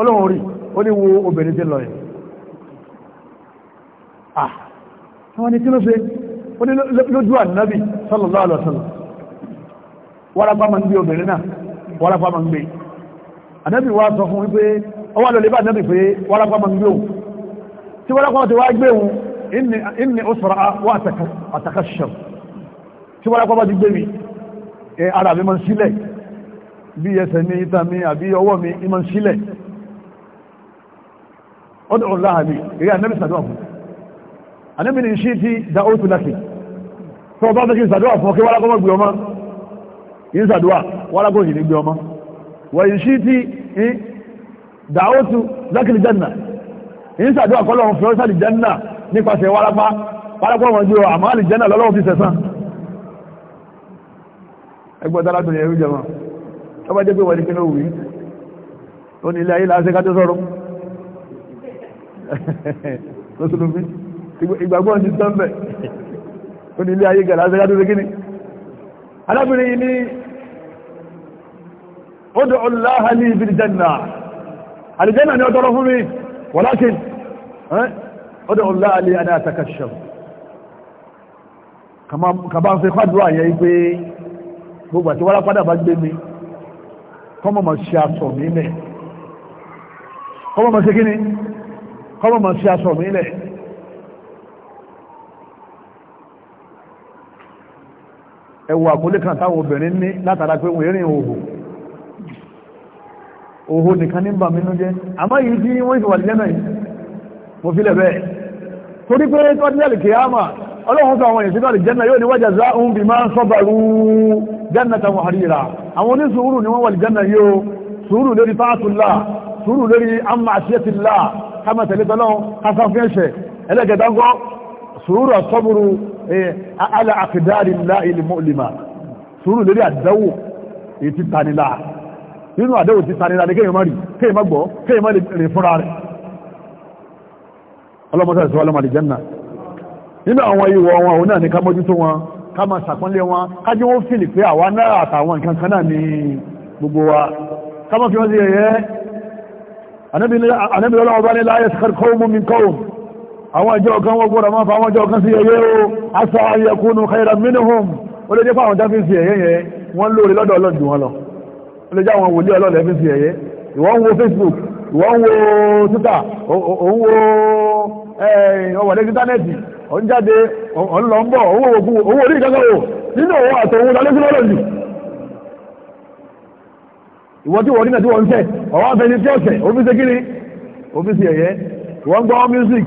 ọlọ́run rí ó ní wo obìnrin ti lọ yìí àwọn ni kí ló ṣe lójú ànábì sallallahu alaihi wasallam wárapá ma ń gbé obìnrin náà wárapá ma ń gbé ànábì wá sọ fún wípé ọwá lọ lè bá ànábì pé bí ẹsẹ̀ mi ìta mi àbí ọwọ́ mi ma sílẹ̀ ọdún ọ̀láhà mi ìrí ànábì anábì ní ṣí ti da ó tulasi tó o bá fẹ́ kí n sàdúrà fún ọ kí wàlákọ́ mọ́ gbé ọmọ yìí ń sàdúrà wàlákọ́ yìí ní gbé ọmọ wà yìí ṣí ti da ó tu lákìlì janna yìí ń sàdúrà kọ́ lọ́wọ́ fẹ́ sàdì janna nípasẹ̀ wàlápá wàlákọ́ mọ́ gbé ọ àmọ́ àlì janna lọ́lọ́wọ́ fi sẹ̀sán ẹgbọ́n tálábìnrin ẹrú jẹmọ́ tó bá jẹ́ pé wà ní kí ló wí ó ní ilé ayé láti ìgbàgbọ́ ti tán bẹ̀ ó ní ilé ayé gàlá ṣe gádúró kíní alábìnrin yìí ní ó dọ̀ ọláhà ní ibi jẹ́nà alìjẹ́nà ni ó tọrọ fún mi wọ́lákin ó dọ̀ ọláhà ní adá àtàkàṣọ kàbá ń fi kọ́dúrà yẹ pé gbogbo àti wọ́lá padà mọ̀ sí aṣọ mi ẹwọ àkólé kan táwọn obìnrin ní látara pé wọ́n rìn òhò òhò nìkan ní bàmínú jẹ́ àmọ́ yìí tí wọ́n ìfìwà lẹ́jẹ́ náà mo fi lẹ̀ bẹ́ẹ̀ torí pé tọ́tílẹ̀ kìíyàmà ọlọ́run sọ àwọn ìsìnkọ́ àlìjẹ́nà yóò ní wájà za ohun bí máa ń sọ́bà rú jẹ́nà tàwọn àríra àwọn sùúrù àtọ́bùrù alẹ́ àkìdáàrí ńlá ilẹ̀ mọ́lìmá sùúrù lórí àdáwò èyí ti tanilá nínú àdáwò ti tanilá ní kéèyàn má rí kéèyàn má gbọ́ kéèyàn má lè fúnra rẹ̀ ọlọ́mọsá ìṣọ́ ọlọ́mọ àlìjẹ́nà nínú àwọn ìwọ̀ wọn òun náà ní ká mójútó wọn ká máa ṣàpọ́nlé wọn ká jẹ́ wọ́n fìlì pé àwa àwọn ìjọ kan wọ́n gbọ́dọ̀ máa fa àwọn ìjọ kan sí ẹyẹ o asa ayẹkúnnù khairan minhum ó lè jẹ́ fáwọn jáfi sí ẹyẹ yẹn wọ́n lórí lọ́dọ̀ ọlọ́dún wọn lọ ó lè jẹ́ àwọn wòlíì ọlọ́dẹ̀ fi sí ẹyẹ ìwọ́n wo facebook ìwọ́n wo twitter òun wo ọwọ̀lẹ́ íńtánẹ́ẹ̀tì òun jáde òun lọ wọ́n gbọ́ music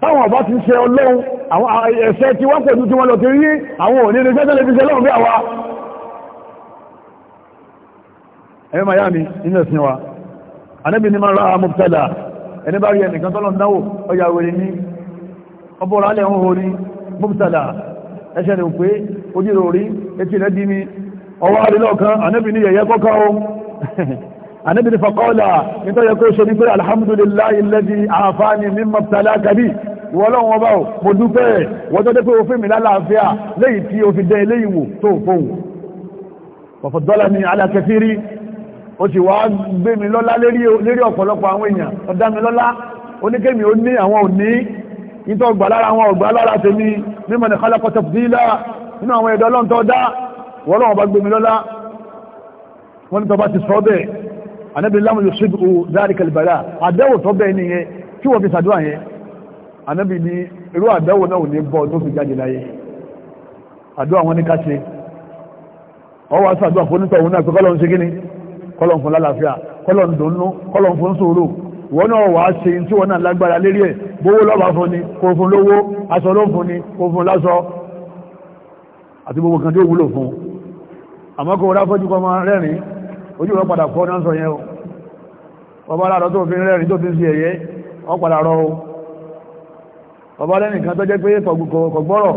táwọn ọba ti ṣe ọlọ́run àwọn ẹ̀ṣẹ̀ tí wọ́n pẹ̀lú tí wọ́n lọ ti rí àwọn òní ní sẹ́tẹ̀lẹ̀ fi ṣe lọ́run bí àwa ẹ̀yẹ́ miami nínú ẹ̀sìn wa anábì ní máa ra mọ̀tẹ́lá ẹni bá rí ẹnìkan tọ́lọ̀ náwó ọya wèrè ní ọbọ̀rọ̀ alẹ́ ohun orí mọ̀tẹ́lá ẹṣẹ́ ni pé ojúrò orí etí rẹ̀ dí mi ọwọ́ àrílọ́kan anábì ní yẹ̀yẹ́ kọ́kọ́ anábìrì fàkọ́ọ̀lá nítorí ẹkọ́ ṣe ní pé alhamdulillahi alladhi àfáàní mimma ibtalaka bi wọ́lọ́wọ́ bá mo dúpẹ́ wọ́n tó dé pé òfin mi lálàáfíà léyìí tí o fi dẹ eléyìí wò tó fóhùn ọ̀fọ̀dọ́lá ni ala kathiri ó mi lọ́lá lérí ọ̀pọ̀lọpọ̀ àwọn èèyàn ọ̀dá mi lọ́lá oníkémi ó ní àwọn òní ìtọ́ ọgbà lára àwọn ọgbà lára tèmi mímọ̀ ní khalaqa tafdila nínú àwọn ẹ̀dọ́ ọlọ́ntọ́ dá mi lọ́lá wọ́n ní tọba ti sọ́bẹ̀ẹ́ anábì lámù yóò ṣe bú dáríkà ìbàdà àdẹ́wò tó bẹ́ẹ̀ nìyẹn tí wọ́n fi sàdúrà yẹn anábì ní irú àdẹ́wò náà ò ní bọ́ tó fi jáde láyé àdúrà wọn ní ká ṣe ọ wá sàdúrà fún nítọ̀ òun náà pé kọ́lọ̀ ń ṣe kíní kọ́lọ̀ ń fún lálàáfíà kọ́lọ̀ ń dùnnú kọ́lọ̀ ń fún sùúrù wọ́n náà wà ṣe tí wọ́n náà lágbára lérí ẹ̀ gbówó lọ́bàá fún ni kò fún lówó aṣọ ló fún ni kò fún láṣọ àti gbogbo kan tí ó wúlò fún àmọ́ kò ráfọ́jú kọ́ máa rẹ́rìn-ín ojú padà fọ́ na sọ yẹn o bàbá aláàrọ̀ tó fi rẹ̀rí tó fi sí ẹ̀yẹ wọ́n padà rọ o bàbá lẹ́nìkan tó jẹ́ pé kọ̀gbọ́rọ̀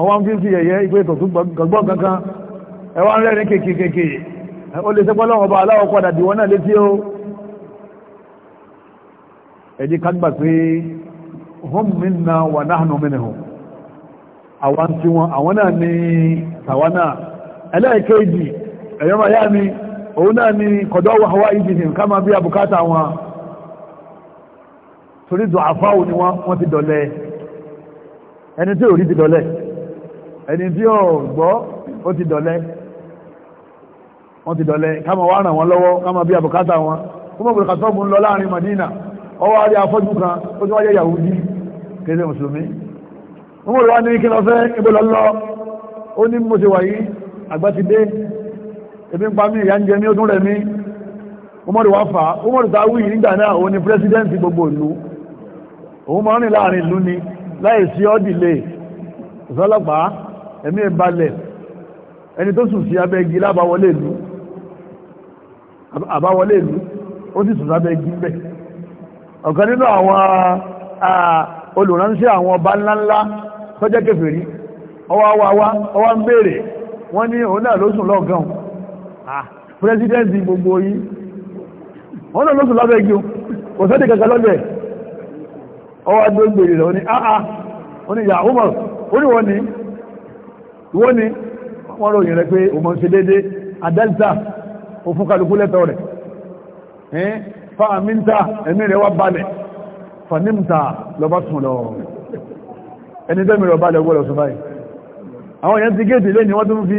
ọwọ́n fi ẹ̀yẹ ipé kọ̀gbọ́ kankan ẹwà ń rẹ̀rí kèkèkèkè ó lè sẹ́pọ́ lọ́wọ́ aláwọ̀ padà dìwọ́n náà létí o ẹ̀dí kágbà pé ẹ̀yọ́ máa yá mi òun náà ni kọ̀dọ̀ wà wá ìdìhìn ká máa bí àbùkátà wọn torí dùn àfáwò ni wọ́n ti dọ̀lẹ́ ẹni tí ò rí ti dọ̀lẹ́ ẹni tí ò gbọ́ ó ti dọ̀lẹ́ wọ́n ti dọ̀lẹ́ ká máa wá ràn wọ́n lọ́wọ́ ká máa bí àbùkátà wọn kó mọ̀ bùrùkà sọ́ọ̀bù ń lọ láàrin Madina ọwọ́ àrí afọ́jú kan ó ti wáyé Yahudi kéde mùsùlùmí wọ́n mọ̀ lọ́wọ́ ní kí lọ fẹ́ ibò ó ní mo ṣe wà yìí àgbà ti dé ebi ń pa mí ìyá ń jẹ mí ó rẹ̀ mí umaru wa fa umaru ta wí nígbà náà òun ni pírẹsidẹ́ǹtì gbogbo ìlú òun máa ń rìn láàrin ìlú ni láì sí ọ́dìlé ìsọ́lọ́pàá ẹ̀mí ìbalẹ̀ ẹni tó sùn sí abẹ́ igi lábáwọlé ìlú àbáwọlé ìlú ó sì sùn sábẹ́ igi bẹ̀ ọ̀kan nínú àwọn olùránṣẹ́ àwọn ọba ńláńlá tọ́jẹ́ kèfèrí ọwá wá wá ọwá ń béèrè wọ́n ní òun náà ló sùn lọ́gán Ah, pírẹsidẹ́ntì gbogbo yìí wọ́n náà lóṣù lábẹ́ igi kò sẹ́dì kankan lọ́bẹ̀ ọwọ́ agbègbèrè rẹ̀ oní àà ah, oní ah. ìyá ọmọ oní wọ́n ni wọ́n ni wọ́n ròyìn rẹ̀ pé ọmọ ṣe dédé adẹ́lta òfin kálukú lẹ́tọ̀ rẹ̀ fa àmìntà ẹ̀mí rẹ̀ wá balẹ̀ fanimta lọba tún lọ ẹni tẹ́mi rọ̀ balẹ̀ gbọ́dọ̀ sọ báyìí àwọn èèyàn ti géètì lé ni wọ́n tún fi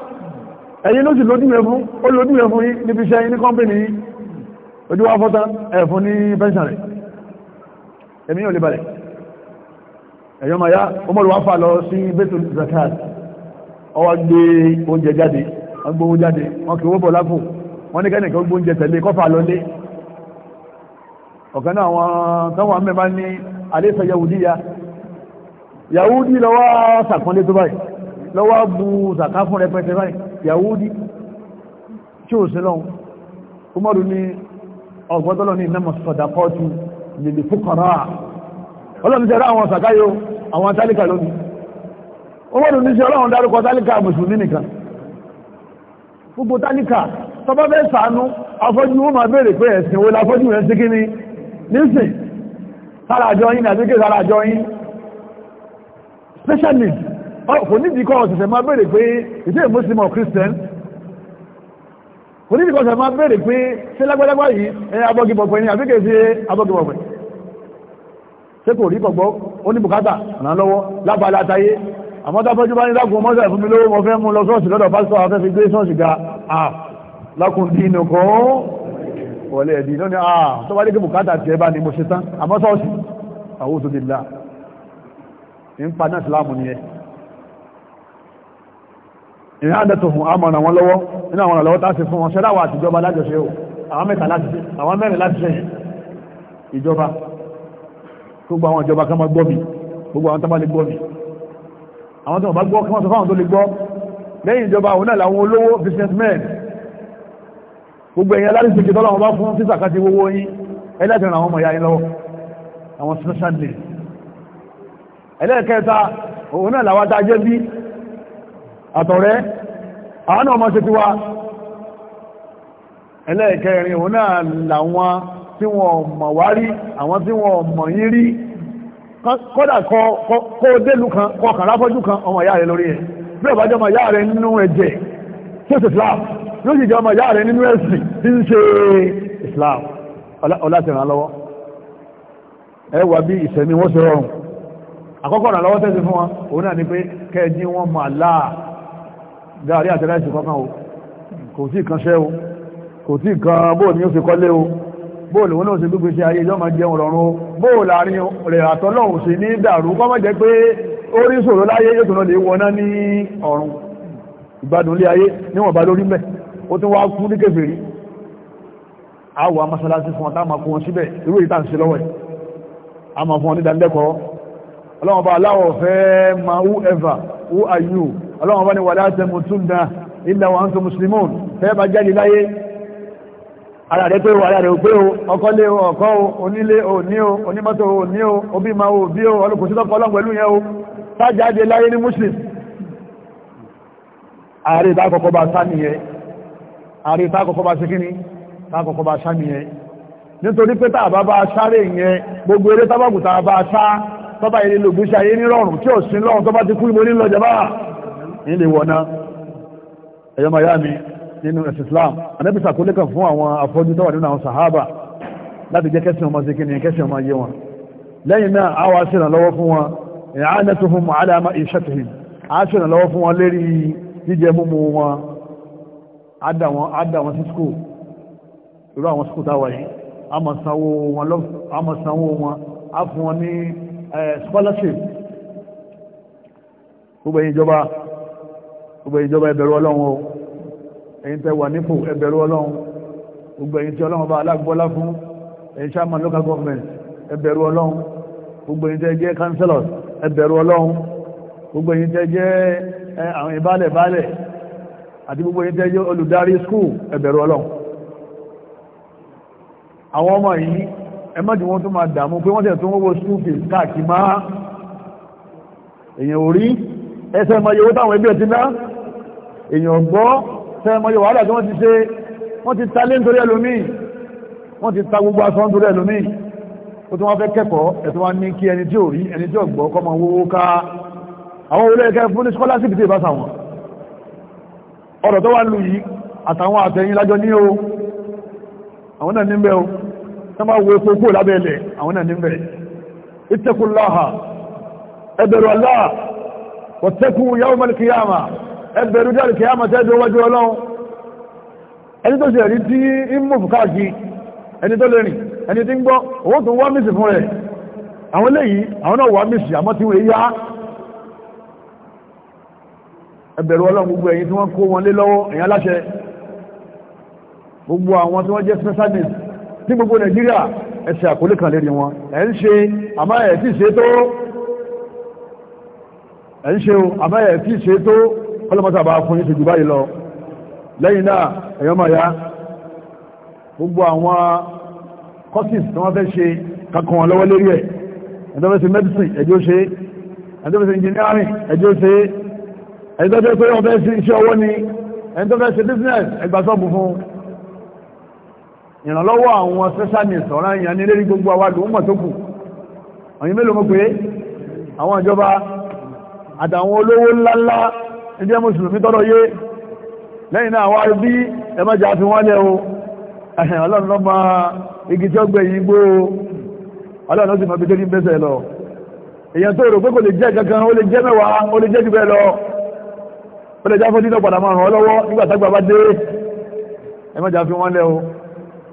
ẹ̀yin ló sì lódúnmẹ́ fún ó lódúnmẹ́ fún yín níbi iṣẹ́ ní kọ́mpìnì yín ojú wá fọ́tán ẹ̀fún ní pẹ́ṣàn rẹ̀ ẹ̀mí ò lè balẹ̀ ẹ̀yọ́ ma yá ọmọlù wá fà lọ sí betul zakat ọwá gbé oúnjẹ jáde wọ́n gbówó jáde wọ́n kí owó bọ̀ lápò ya yahudi lọ́wọ́ sàkọ́lé tó báyìí lọ́wọ́ bu zakat fún rẹpẹtẹ báyìí yahudi tí ó sílọ́n umaru ní ọgbọ́dọ́lọ́ ní ìnáma sọ̀dàkọ́tù lèlè fúkọ̀rọ̀ à ọlọ́run tẹ́rọ àwọn sàkáyò àwọn tálíkà lónìí umaru ní sí ọlọ́run dárúkọ tálíkà mùsùlùmí nìkan gbogbo tálíkà tọba fẹ́ sàánú afọ́jú wọn máa béèrè pé ẹ̀sìn wo láfọ́jú rẹ̀ sí kíní nísìn sára àjọyìn àti kéèsára àjọyìn special needs kò nídìí kọ́ ọ̀sẹ̀sẹ̀ máa béèrè pé is he a muslim or christian kò nídìí kọ́ ọ̀sẹ̀ máa béèrè pé ṣé lágbádágbá yìí ẹ abọ́gibọ̀pẹ̀ ni àbí kìí ṣe abọ́gibọ̀pẹ̀ ṣé kò rí gbọ̀gbọ́ ó ní bùkátà ràn lọ́wọ́ lábala àtayé àmọ́ tábọ́jú bá ní lákùn mọ́sà fún mi lówó mo fẹ́ mú lọ sọ́ọ̀sì lọ́dọ̀ pásítọ̀ afẹ́ fi gbé sọ́ọ̀sì ga à lákùn dínú kan wọlé ẹ̀dì lónìí à tó bá dé kí bùkátà tiẹ̀ bá ní mo ṣe tán àmọ́ sọ́ọ̀sì àwọn òṣèlú ìlà ń pa náà ìsìlámù nìyẹn ìrìn àdẹ́tò fún àmọ̀nà wọn lọ́wọ́ nínú àwọn ọ̀lọ́wọ́ tàṣí fún wọn ṣẹ́láwà àti ìjọba lájọṣe o àwọn mẹ́ta láti ṣe àwọn mẹ́rin láti ṣe ìjọba gbogbo àwọn ìjọba kan máa gbọ́ mi gbogbo àwọn tábà lè gbọ́ mi àwọn tó bá gbọ́ kí wọ́n sọ fáwọn tó lè gbọ́ lẹ́yìn ìjọba òun náà làwọn olówó businessmen gbogbo àtọ̀rẹ́ àwọn ọmọ ṣe ti wá ẹlẹ́ẹ̀kẹrin òun náà làwọn tí wọ́n mọ̀ wá rí àwọn tí wọ́n mọ̀ yí rí kọ́dà kó délù kan kọkàn láfọ́jú kan ọmọ ìyá rẹ̀ lórí ẹ̀ bí ọba jẹ́ ọmọ ìyá rẹ̀ nínú ẹ̀jẹ̀ tí ó sì Islam ló sì jẹ́ ọmọ ìyá rẹ̀ nínú ẹ̀sìn tí ń ṣe Islam ọlátìrán lọ́wọ́ ẹwà bí ìṣẹ̀mí wọ́n ṣe rọrùn àkọ́kọ́ ìrànlọ́wọ́ tẹ́sí fún wọn òun náà ni pé kẹ́ẹ̀jí wọn mọ̀ láà gàrí àti ráìsì kankan o kò tí kan ṣẹ́ o kò tí kan bóò ní ó fi kọ́lé o bóò lòun náà ṣe gbígbé sí ayé ìjọba jẹun rọrùn o bóò rẹ̀ àtọ́lọ́hùn sí ní dàrú kọ́mọ̀ jẹ́ pé ó rí ṣòro láyé yóò tún lè wọná ní ọ̀run ọlọ́wọ́n bá ní wà láti mú tún dá ilẹ̀ wọn tó musulmùn fẹ́ bá jáde láyé ara rẹ̀ pé o ara rẹ̀ ò pé o ọkọ́ lé o ọkọ́ o onílé o ní o onímọ́tò o ní o òbí ma o bí o ọlọ́kùnsítọ́kọ́ ọlọ́run yẹn o tá jáde láyé ní muslim ààrẹ ìtàkọ́kọ́ bá sá nìyẹn ààrẹ ìtàkọ́kọ́ bá sí ìtàkọ́kọ́ bá sá nìyẹn nítorí pé tàbá bá sáré yẹn gbogbo eré tábàkù tàbá sá tọ́bá ilé lògbúṣà yé nírọ̀rùn tí ò sí lọ́rùn tó bá ti kú ìmọ̀ nílọ ilé wọná ẹ̀yọ́ miami nínú ẹ̀sìn Islam anẹ́bìsà kó lékàn fún àwọn afọ́jú tó wà nínú àwọn sahaba láti jẹ́ kẹsìn ọmọ sí kíni kẹsìn ọmọ yé wọn lẹ́yìn náà a wá ṣèrànlọ́wọ́ fún wọn i'anatuhum ala ma'ishatuhum a ṣèrànlọ́wọ́ fún wọn lérí jíjẹ múmu wọn àdà wọn sí skul irú àwọn skul táwà yìí a mọ̀ sanwó wọn a fún wọn ní eh, scholarship gbogbo ìjọba gbogbo ìjọba ẹbẹ̀rù ọlọ́run o ẹ̀yin tẹ́ wà nípò ẹbẹ̀rù ọlọ́run gbogbo ẹ̀yin tí ọlọ́run bá alágbọ́lá fún ẹ̀yin chairman local government ẹbẹ̀rù ọlọ́run gbogbo ẹ̀yin tẹ́ jẹ́ councillors ẹbẹ̀rù ọlọ́run gbogbo ẹ̀yin tẹ́ jẹ́ àwọn ìbálẹ̀ bálẹ̀ àti gbogbo ẹ̀yin tẹ́ jẹ́ olùdarí school ẹbẹ̀rù ọlọ́run àwọn ọmọ yìí ẹ má jù wọ́n tó máa dààmú pé wọ́n tẹ̀ tó wọ́wọ́ school fees káàkiri máa èèyàn ò rí ẹsẹ̀ máa yẹ owó táwọn ẹbí ẹ̀ ti ná èèyàn gbọ́ tẹ́mọye wàhálà tí wọ́n ti ṣe wọ́n ti ta lé nítorí ẹlòmí wọ́n ti ta gbogbo aṣọ nítorí ẹlòmí ó tún wá fẹ́ kẹ́kọ̀ọ́ ẹ̀tọ́ wá ní kí ẹni tí ò rí ẹni tí ò gbọ́ kọ́ mọ owó ká àwọn olóyè kẹ́ fún ní scholarship tí ìbáṣà wọn ọ̀rọ̀ tó wá lù yìí àtàwọn àtẹ̀yìn lájọ ní o àwọn náà níbẹ̀ o tó bá wo epo kúrò lábẹ́ ilẹ̀ àwọn náà níbẹ̀ ittaqullaha ẹbẹ̀rù Allah wattaqu yawmal qiyamah ẹbẹ̀rú dárí kìí àmọ̀tẹ́dọ̀ wájú ọlọ́run ẹni tó ṣe rí tí ń mú fùkáàkì ẹni tó lè rìn ẹni tí ń gbọ́ owó tó wá mìsì fún rẹ̀ àwọn eléyìí àwọn náà wá mìsì àmọ́ tí wọ́n yá ẹbẹ̀rú ọlọ́run gbogbo ẹ̀yin tí wọ́n kó wọn lé lọ́wọ́ èèyàn láṣẹ gbogbo àwọn tí wọ́n jẹ́ specialist ní gbogbo Nàìjíríà ẹ̀ṣẹ̀ àkólé kan lérí wọn ẹ̀ ń ṣe tó kọ́lọ́mọ́sà bá fún ní ṣojú báyìí lọ lẹ́yìn náà ẹ̀yọ́ máa yá gbogbo àwọn courses tí wọ́n fẹ́ ṣe kankan wọn lọ́wọ́ lérí ẹ̀ ẹ̀dọ́fẹ́sẹ̀ medicine ẹjọ́ ṣe ẹ̀dọ́fẹ́sẹ̀ engineering ẹjọ́ ṣe ẹ̀dọ́fẹ́ pé wọ́n fẹ́ sí iṣẹ́ ọwọ́ ni ẹ̀dọ́fẹ́sẹ̀ business ẹgbàsọ́bù fún ìrànlọ́wọ́ àwọn specialist ọ̀rọ̀ ìyàn ní lérí gbogbo awádùn mọ̀ tó kù ọ̀yìn mélòó mọ́ pé àwọn ìjọba àtàwọn olówó ńláńlá ìjẹ́ mùsùlùmí tọ́rọ yé lẹ́yìn náà wáyé bí ẹmọ́jà fi wọ́n lẹ́ o ọlọ́run lọ ma igi tí ó gbé yìí gbó ọlọ́run sì mọ̀bí tó ní bẹ́sẹ̀ lọ èyàn tó rò pé kò lè jẹ́ kankan ó lè jẹ́ mẹ́wàá ó o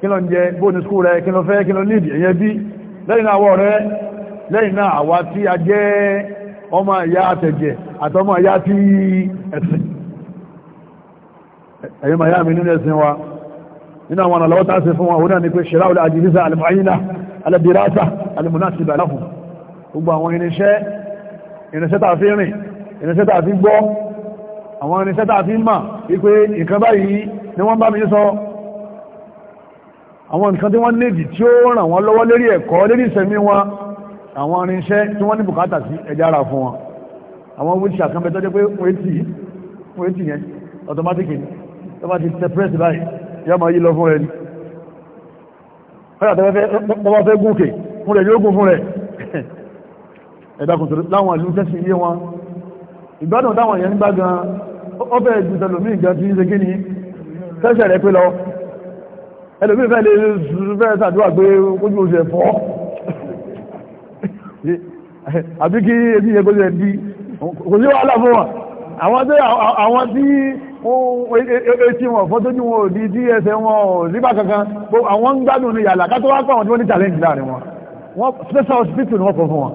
kí ló ń jẹ bóòní skúù rẹ kí ló fẹ́ kí ló nídìí èyàn bí lẹ́yìn náà àwọ̀ rẹ lẹ́yìn náà àwa tí a jẹ́ ọmọ ìyá àtẹ̀jẹ̀ àtọmọ ìyá tí ẹ̀sìn ẹ̀yìn màá yá mi nínú ẹ̀sìn wa nínú àwọn àlọ́wọ́ tá a ṣe fún wa òun náà ni pé ṣẹlá òlà àjìlísà àlùmáyínà alẹ́dìrásà alìmùnásìbà láhùn gbogbo àwọn irinṣẹ́ irinṣẹ́ tàà fi rìn irinṣẹ́ tàà fi gbọ́ àwọn irinṣẹ́ tàà fi mà wípé nǹkan báyìí ni wọ́n fún wọn àwọn wíṣà kan bẹ tọ́jọ́ pé wọ́n ètì wọ́n yẹn automatic ni tó bá ti separate báyìí yọ́ máa yí lọ fún rẹ̀ ni fẹ́rẹ̀ tọ́wọ́ fẹ́ gúnkè fún rẹ̀ yóò gún fún rẹ̀ ẹ̀dàkùn láwọn ìlú tẹ́sí ilé wọn ìgbádùn táwọn èèyàn gbá gan ọfẹ́ ìjùtẹ̀lómí ìgbà tí ń ṣe kíni tẹ́sẹ̀ rẹ̀ pé lọ ẹlòmí fẹ́ lè fẹ́ sàdúrà pé kójú oṣù ẹ̀fọ́ àbí kí ebi yẹ kójú kò sí wàhálà fún wọn àwọn tí àwọn tí e- e- etí wọn fọ́tójú wọn ò di tí ẹsẹ̀ wọn ò ríbà kankan àwọn ń gbádùn ní yàlá kátó wá pàwọn tí wọ́n ní challenge láàrin wọn wọ́n special hospital ni wọ́n kọ fún wọn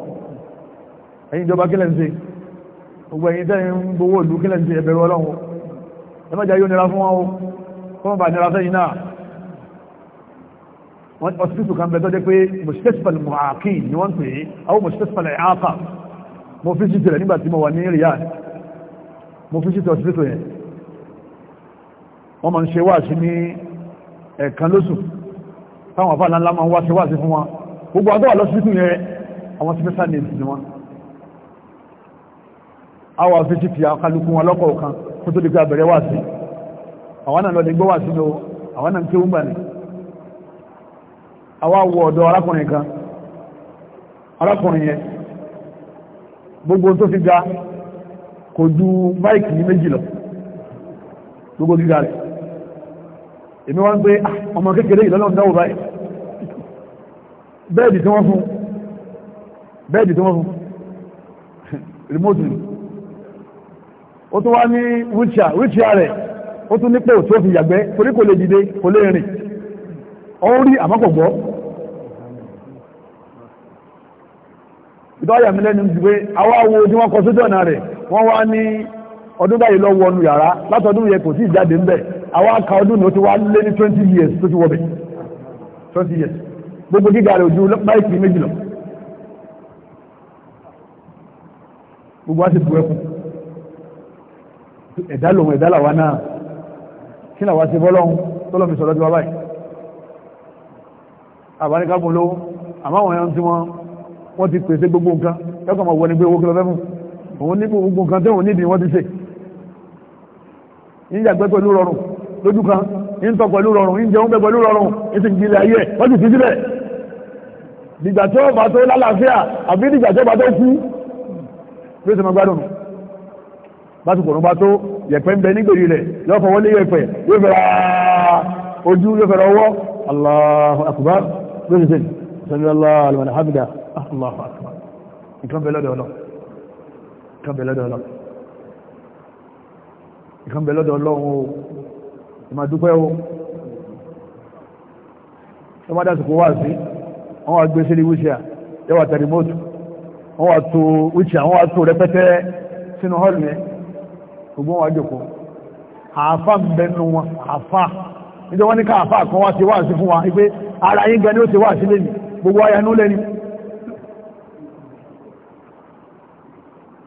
ẹ̀yin ìjọba kílẹ̀ ń ṣe gbogbo ẹ̀yin tẹ́ ń gbowó ìlú kílẹ̀ ń ṣe ẹ̀bẹ̀rù ọlọ́run ẹ má jẹ́ yóò nira fún wọn o kọ́mọ̀ bá nira sẹ́yìn náà hospital kan bẹ tó jẹ́ pé mustapha muhaki ni wọ́n pè é àwọn mustapha ẹ̀áka mo fi ṣíṣe rẹ̀ nígbà mo wà ní mo fi yẹn wọ́n ma ń ṣe wáàsí ní ẹ̀ẹ̀kan lóṣù táwọn àfáà ńlá máa ń wá ṣe fún wọn gbogbo àdọ́wà lọ́sílẹ̀tò yẹn àwọn special needs ni wọ́n a wà fi ṣíṣe àkálukú wọn lọ́kọ̀ kan kó tó di pé abẹ̀rẹ̀ wáàsí àwọn náà lọ gbọ́ lọ àwọn náà ń àwọn gbogbo tó fi ga kò ju máìkì ní méjì lọ gbogbo gíga rẹ̀ èmi wá ń pé ah, ọmọ kékeré ìlọ́lọ́n dáwò báyìí bẹ́ẹ̀dì tí wọ́n fún bẹ́ẹ̀dì tí wọ́n fún remote ó tún wá ní wheelchair wheelchair rẹ̀ ó tún nípò tó fi yàgbẹ́ torí kò lè dìde kò lè rìn ó rí àmọ́kọ̀gbọ́ ìtọ́yà mi lẹ́nu ti pé àwọn awo tí wọ́n kọ sójú ọ̀nà rẹ̀ wọ́n wá ní ọdún báyìí lọ wọnú yàrá látọdún yẹ kò sí ìjáde ń àwọn aka ọdún ní ti wá lé ní 20 years tó ti wọ́bẹ̀ 20 years gbogbo gíga rẹ̀ ojú báyìí méjì lọ gbogbo wá sí bu ẹkùn ẹ̀dá lòun ẹ̀dá làwa náà kí làwa ti bọ́lọ́hun tó lọ́mi sọ̀rọ̀ ti wá báyìí àbáníkàbùn lówó àmáwọn ẹran tí wọ́n wọ́n ti pèsè gbogbo nǹkan lọ́kàn máa wọ ni pé owó kìlọ̀ fẹ́fún òun ní gbogbo nǹkan tẹ́wọ̀n nídìí wọ́n ti ṣe ìyàgbẹ́ pẹ̀lú rọrùn lójú kan ìntọ́ pẹ̀lú rọrùn ìjẹun pẹ̀ pẹ̀lú rọrùn ìsìnkìlẹ̀ ayé wọ́n ti fi sílẹ̀ dìgbà tí ó bá tó lálàáfíà àbí dìgbà tí ó bá tó kú bí ó sì máa gbádùn lásìkò ọ̀run bá tó yẹ̀pẹ̀ ń bẹ nígbèrè rẹ̀ yóò fọwọ́ lé yẹ̀pẹ̀ yóò fẹ́ ojú yóò fẹ́ ọwọ́ Allahu akbar lóṣìṣẹ́ sallallahu alaihi wa sallam Ah, Allah akbar nǹkan bẹ̀lọ́dọ̀ ọlọ́run nǹkan bẹ̀lọ́dọ̀ ọlọ́run o ìmá dúpẹ́ o ọmọ dásìkò wà sí wọ́n wà gbé sílé wíṣíà yẹ́wà tẹ̀rí mọ́tù wọ́n wà tó wíṣíà wọ́n wà tó rẹpẹtẹ sínú hall yẹn gbogbo wà jòkó àfá ń bẹ nù wọn àfá nítorí wọ́n ní ká àfá kan wá sí wá sí fún wa ipé ara yín gan ni ó ti wá sílé ni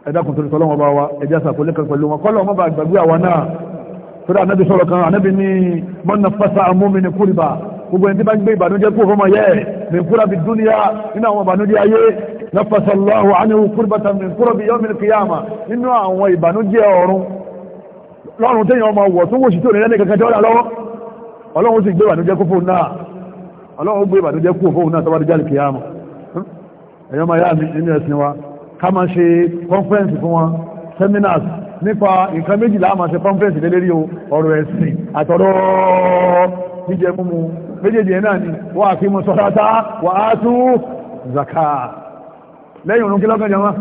ẹ̀dá kò torí tọ́lọ́wọ́ bá wa ẹ̀dá sàkólé kan pẹ̀lú wọn kọ́lọ̀ wọn bá gbàgbé àwa náà torí ànábi sọ̀rọ̀ kan ànábi ní mọ́nà fásá amómi ní kúrìbà gbogbo ẹni tí bá ń gbé ìbànújẹ́ kú fọmọ yẹ mi kúrò bí dúníyà nínú àwọn ìbànújẹ́ ayé nafasa Allahu anhu kurbatan min kurabi yawmil qiyamah nínú àwọn ìbànújẹ́ ọ̀run lọ́run téèyàn ọmọ wọ̀ tó wòṣì tó ní lẹ́nì kankan tí ó dá lọ́wọ́ ọlọ́run sì gbé ìbànújẹ́ kú fóun náà ọlọ́run gbé ìbànújẹ́ kú fóun náà tọ́wọ́ díjá lè kíyàmù yá mi nínú ẹ̀sìn wa ká máa ṣe conference fún wọn seminars nípa nǹkan méjìlá máa ṣe conference lélẹ́rí ọ̀rọ̀ ẹ̀sìn àtọ̀rọ̀ jíjẹ múmu méjèèjì ẹ̀ náà ni wà á fi mú sọ́dáta wà á tú zaka lẹ́yìn òun kí lọ́kàn jama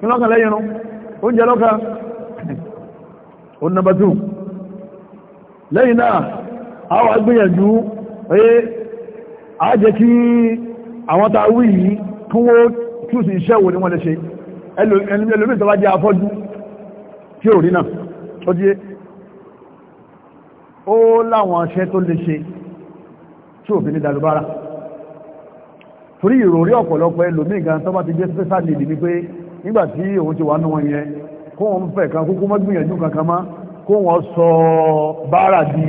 kí lọ́kàn lẹ́yìn òun oúnjẹ lọ́kàn òun number two lẹ́yìn náà a wà gbìyànjú ẹ a jẹ́ kí àwọn tá a wí yìí kí wọ́n túsì iṣẹ́ wo ni wọ́n lè ṣe ẹlòmí tó bá jẹ́ afọ́jú tí ò rí náà ó díé ó láwọn iṣẹ́ tó lè ṣe tí ò fi ní dalubára torí ìròrí ọ̀pọ̀lọpọ̀ ẹlòmí gan tó bá ti jẹ́ special need ni pé nígbà tí òun ti wà nú wọn yẹn kó wọn fẹ́ kan kúkú mọ́ gbìyànjú kankan má kó wọn sọ bára di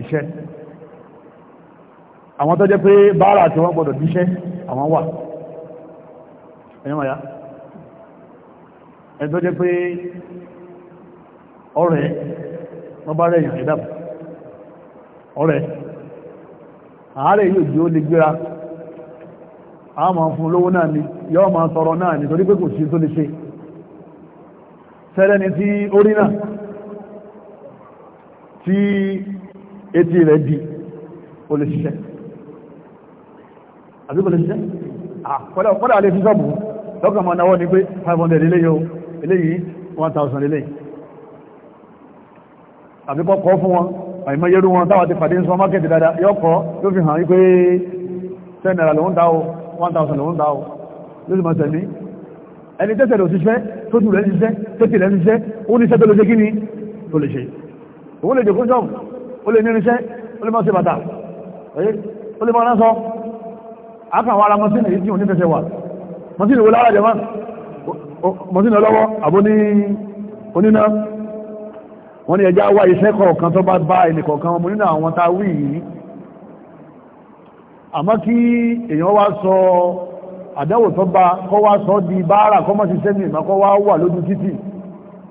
iṣẹ́ àwọn tó jẹ́ pé bára tí wọ́n gbọ́dọ̀ díṣẹ́ àwọn wà ẹ̀yàn wáyá ẹ̀tọ́ jẹ́ pé ọ̀rẹ́ wọ́n bá rẹ̀ èèyàn ẹ̀dàbù ọ̀rẹ́ ààrẹ yóò jí ó lè gbéra a máa fún lówó náà ni yọ́ máa tọrọ náà ni torí pé kò sí tó lè ṣe sẹ́rẹ́ tí ó rí náà tí etí rẹ̀ di ó lè ṣiṣẹ́ àbí lè ṣiṣẹ́ àkọ́dà lè fi sọ́bùn lọ́kàn máa náwọ́ ní pé 500 eléyìí o eléyìí 1000 eléyìí àbíkọ́ kọ́ fún wọn àìmọ́yẹ́rú wọn táwọn ti pàdé ń sọ mákẹ́tì dada yọ́kọ́ ló fi hàn wípé 10 naira lòun dá o 1000 lòun dá o lórí mọ̀ tẹ̀mí ẹni tẹ́sẹ̀ lò ṣiṣẹ́ tó tù rẹ̀ ṣiṣẹ́ tẹ́tì rẹ̀ ṣiṣẹ́ ó ní iṣẹ́ tó lè ṣe kí ni tó lè ṣe òun lè dè kó sọ́ọ̀mù ó lè ní irinṣẹ́ ó lè má ṣe bàtà ó lè má ránṣọ àkàwọn ara mọ́ sínú èyí tí òun ní fẹsẹ̀ wà mọ́sílì wo lára jẹmọ́ mọ́sílì ọlọ́wọ́ àbó ní oníná wọ́n ní ẹjá wá iṣẹ́ kọ̀ọ̀kan tó bá bá ẹnì kọ̀ọ̀kan ọmọ nínú àwọn tá wí yìí àmọ́ kí èèyàn wá sọ àdánwò tó bá kọ́ wá sọ di báárà kọ́ mọ́ sí sẹ́mì ìmọ̀ kọ́ wá wà lójú títì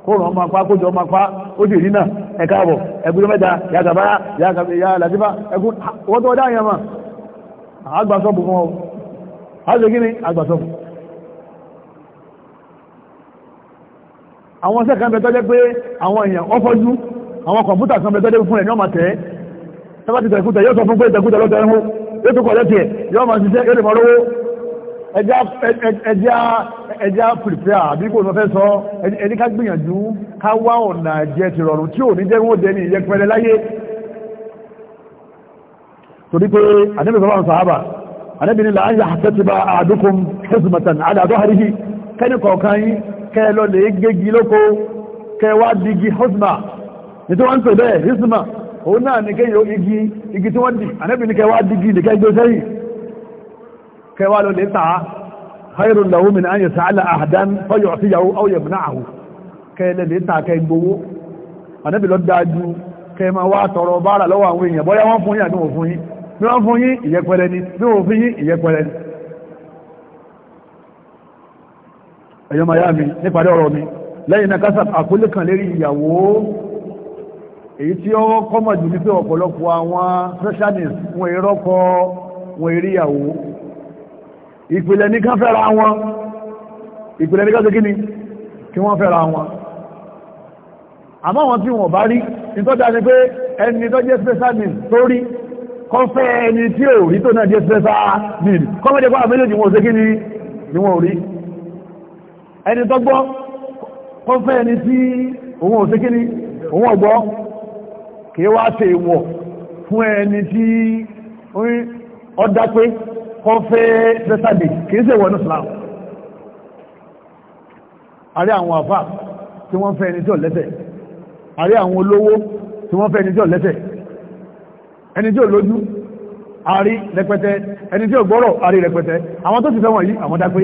kóòrùn ọmọ apá kójọ ọmọ apá ó dì rínà ẹ̀ka àbọ̀ ẹgbùrú mẹ́ta yàgàbára yàgàbára làtífà ẹkùn wọ́n tó dáyàmà àgbàsọ́bù fún ọ àwọn iṣẹ́ kan bẹ tọ́jẹ́ pé àwọn èèyàn ọfọ́jú àwọn kọ̀mpútà kan bẹ tọ́jẹ́ fún ẹ̀ ní ọmọ tẹ́ tẹ́bá ti tẹ̀kútẹ̀ yóò sọ fún pé tẹ̀kútẹ̀ lọ́tẹ̀ ẹ̀hún yóò tó kọ̀lẹ́ tiẹ̀ yóò máa ṣiṣẹ́ yóò lè mọ́ lówó ẹjá pìrìpìà àbí kò fẹ́ sọ ẹni ká gbìyànjú ká wá ọ̀nà jẹ ti rọrùn tí ò ní jẹ́ wọ́n dẹni ìyẹn pẹ̀lẹ́ láyé torí pé ànábì sọ́bà sàábà ànábì ni là ń yà àtẹ́tìbà àdúkùn hizmatan ala dhahrihi kẹ́nìkọ̀ọ̀kan yìí kẹlọ lè gégi lóko kẹwàá digi hosma ní tí wọ́n ń pè bẹ́ẹ̀ hosma òun náà ní kéyò igi igi tí wọ́n dì ànẹ́bì ní kẹwàá digi ní kẹgbẹ́ sẹ́yìn kẹwàá lọ lè tàá khairu lahu min an yasa'ala ahadan fayu'tiyahu aw yamna'ahu kẹlẹ̀ lè tàá kẹgbowó ànẹ́bì lọ dájú kẹ ma wá tọrọ bára lọ́wọ́ àwọn èèyàn bọ́yá wọ́n fún yín àdúnwò wọ́n fún yín ìyẹpẹrẹ ni bí wọ́n fún yín ìyẹpẹrẹ ni ẹ̀yọ́ maya mi nípàdé ọ̀rọ̀ mi lẹ́yìn náà kásà àkólé kan lérí ìyàwó èyí tí ó kọ́mọ̀ jù ní pé ọ̀pọ̀lọpọ̀ àwọn freshaners wọn ìrọ́kọ wọn ìríyàwó ìpìlẹ̀ ní kán fẹ́ra wọn ìpìlẹ̀ ní kán sí kíni kí wọ́n fẹ́ra wọn àmọ́ wọn tí wọ́n bá rí nítọ́jà ni pé ẹni tó jẹ́ specialist tó rí kọ́ ẹni tí ò rí tó náà jẹ́ specialist kọ́mọ̀dé pàà méjèèjì ni wọ́n ẹni tọ́gbọ́ kọ́ fẹ́ ẹni tí òun ò sékíní òun ọ̀gbọ́ kìí wá ṣe ìwọ̀ fún ẹni tí ọdá pé kọ́ fẹ́ sẹ́sàdì kìí ṣe ìwọ̀ ní Islam àrí àwọn àfà tí wọ́n fẹ́ ẹni tí ò lẹ́sẹ̀ àrí àwọn olówó tí wọ́n fẹ́ ẹni tí ò lẹ́sẹ̀ ẹni tí ò lójú àrí rẹpẹtẹ ẹni tí ò gbọ́rọ̀ àrí rẹpẹtẹ àwọn tó ti fẹ́ wọ̀nyí àwọn dápé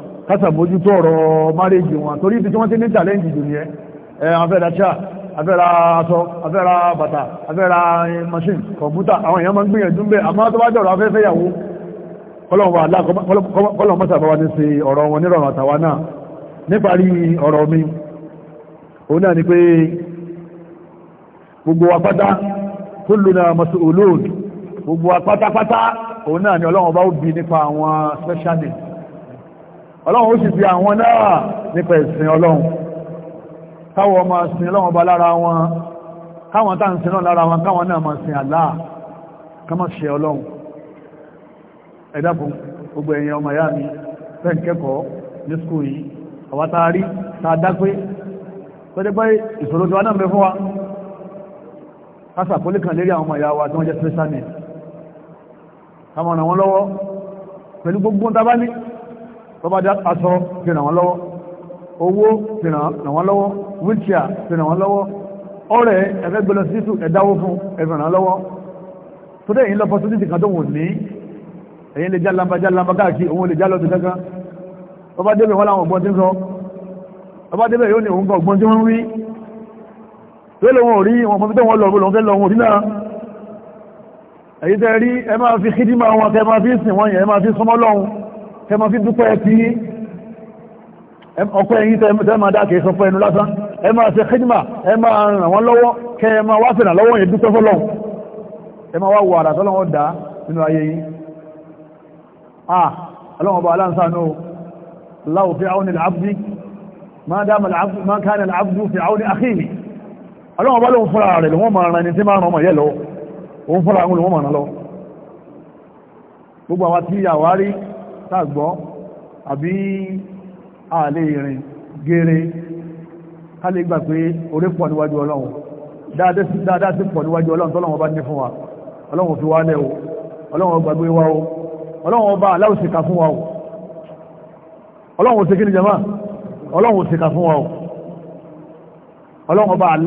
kásàmójútó ọ̀rọ̀ márèjì wọn torí ibi tí wọ́n ti ní tàlẹ́ǹtì jù ní ẹ afẹ́ra ṣá afẹ́ra aṣọ afẹ́ra bàtà afẹ́ra eh, machine kọ̀mpútà àwọn èèyàn máa ń gbìyànjú bẹ́ẹ̀ àmọ́ tó bá jọ̀rọ̀ afẹ́fẹ́ yàwó kọ́lọ̀ mọ́sàbá wa ní sí ọ̀rọ̀ wọn nírọ̀rọ̀ àtàwà náà níparí ọ̀rọ̀ mi òun náà ni pé gbogbo wa pátá kulluna mas'ulun gbogbo wa pátápátá òun náà ni ọlọ́run bá ó bi nípa àwọn special needs ọlọ́run ó sì fi àwọn náà nípa ìsìn ọlọ́run káwọn ọmọ sin ọlọ́run ọba lára wọn káwọn tá ń sin náà lára wọn káwọn náà máa sin Allah ká má ṣe ọlọ́run ẹ dákun gbogbo ẹ̀yin ọmọ ìyá mi fẹ́ kẹ́kọ̀ọ́ ní skul yìí àwa tá a rí pẹ̀lú gbogbo ń tabá ní tọ́ba dá aṣọ fi ràn wọ́n lọ́wọ́ owó fi ràn wọ́n lọ́wọ́ wheelchair fi ràn wọ́n lọ́wọ́ ọ̀rẹ́ ẹ̀fẹ́ gbẹlẹ̀ sísù ẹ̀dáwó fún ẹ̀fẹ́ ràn lọ́wọ́ tó dẹ̀ yìí lọ́pọ̀ sídìí kan tó wù ní ẹ̀yìn lè já lamba já lamba káàkiri òun lè já lọ́dún kankan ọba débẹ̀ wọ́n láwọn ọgbọ́n tí ń sọ ọba débẹ̀ yóò ní òun gbọ́ ọgbọ́n tí wọ́n rí pẹ́lú wọn rí wọn fọ́n tó wọ́n lọ lọ́n fẹ́ lọ wọn nílá èyí tẹ́ rí ẹ máa fi kídí wọn kẹ máa fi sìn wọn yẹn ẹ máa fi súnmọ́ lọ́hun tẹ ma fi dúpẹ́ tí ọkọ̀ ẹ̀yìn tẹ ma dákẹ́ sọ fún ẹnu lásán ẹ ma ṣe kíjìmà ẹ ma ràn wọ́n lọ́wọ́ kẹ ẹ ma wá fẹ̀nà lọ́wọ́ yẹn dúpẹ́ fọ́lọ́ ẹ ma wá wọ àrà tọ́lọ́wọ́ dá nínú ayé yìí ah ọlọ́wọ́ bá aláǹsánú láwọ̀ fi àwọn ìlàbdí ma dáma kánà ìlàbdú fi àwọn gbogbo àwọn tí yà wárí tàgbọ́ àbí ààlè ìrìn gẹ́rẹ ká lè gbà pé orí pọ̀ níwájú ọlọ́run dáadáa sí pọ̀ níwájú ọlọ́run tọ́lọ́run bá ní fún wa ọlọ́run fi wálẹ̀ o ọlọ́run gbàgbé wa o ọlọ́run ọba aláwòsíkà fún wa ọlọ́run òsìkí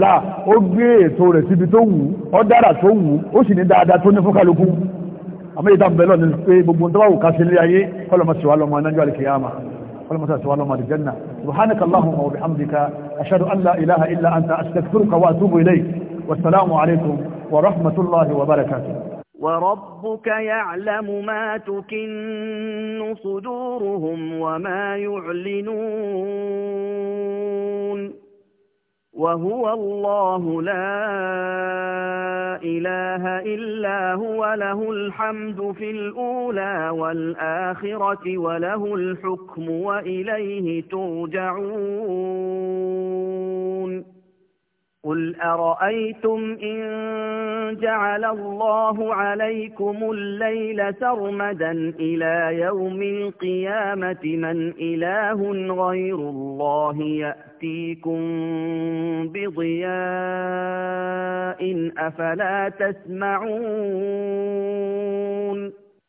ni ó gbé ètò rẹ̀ síbi tó wù ó dára tó wù ó sì ní dáadáa tó ní fún kálukú àmì ìdámbẹ̀lọ́ ni pé gbogbo tó bá wù ká sí ilé ayé kọlọmọsíwá lọmọ ẹnájú alìkìyàmà kọlọmọsíwá lọmọ alìjẹ́nà subhanakallahumma wa bihamdika ashhadu an la ilaha illa anta astaghfiruka wa atubu ilayk wassalamu alaikum wa rahmatullahi wa barakatuh وربك يعلم ما تكن صدورهم وما يعلنون وهو الله لا إله إلا هو له الحمد في الأولى والآخرة وله الحكم وإليه ترجعون قل أرأيتم إن جعل الله عليكم الليل سرمدا إلى يوم القيامة من إله غير الله يأتيكم بضياء أفلا تسمعون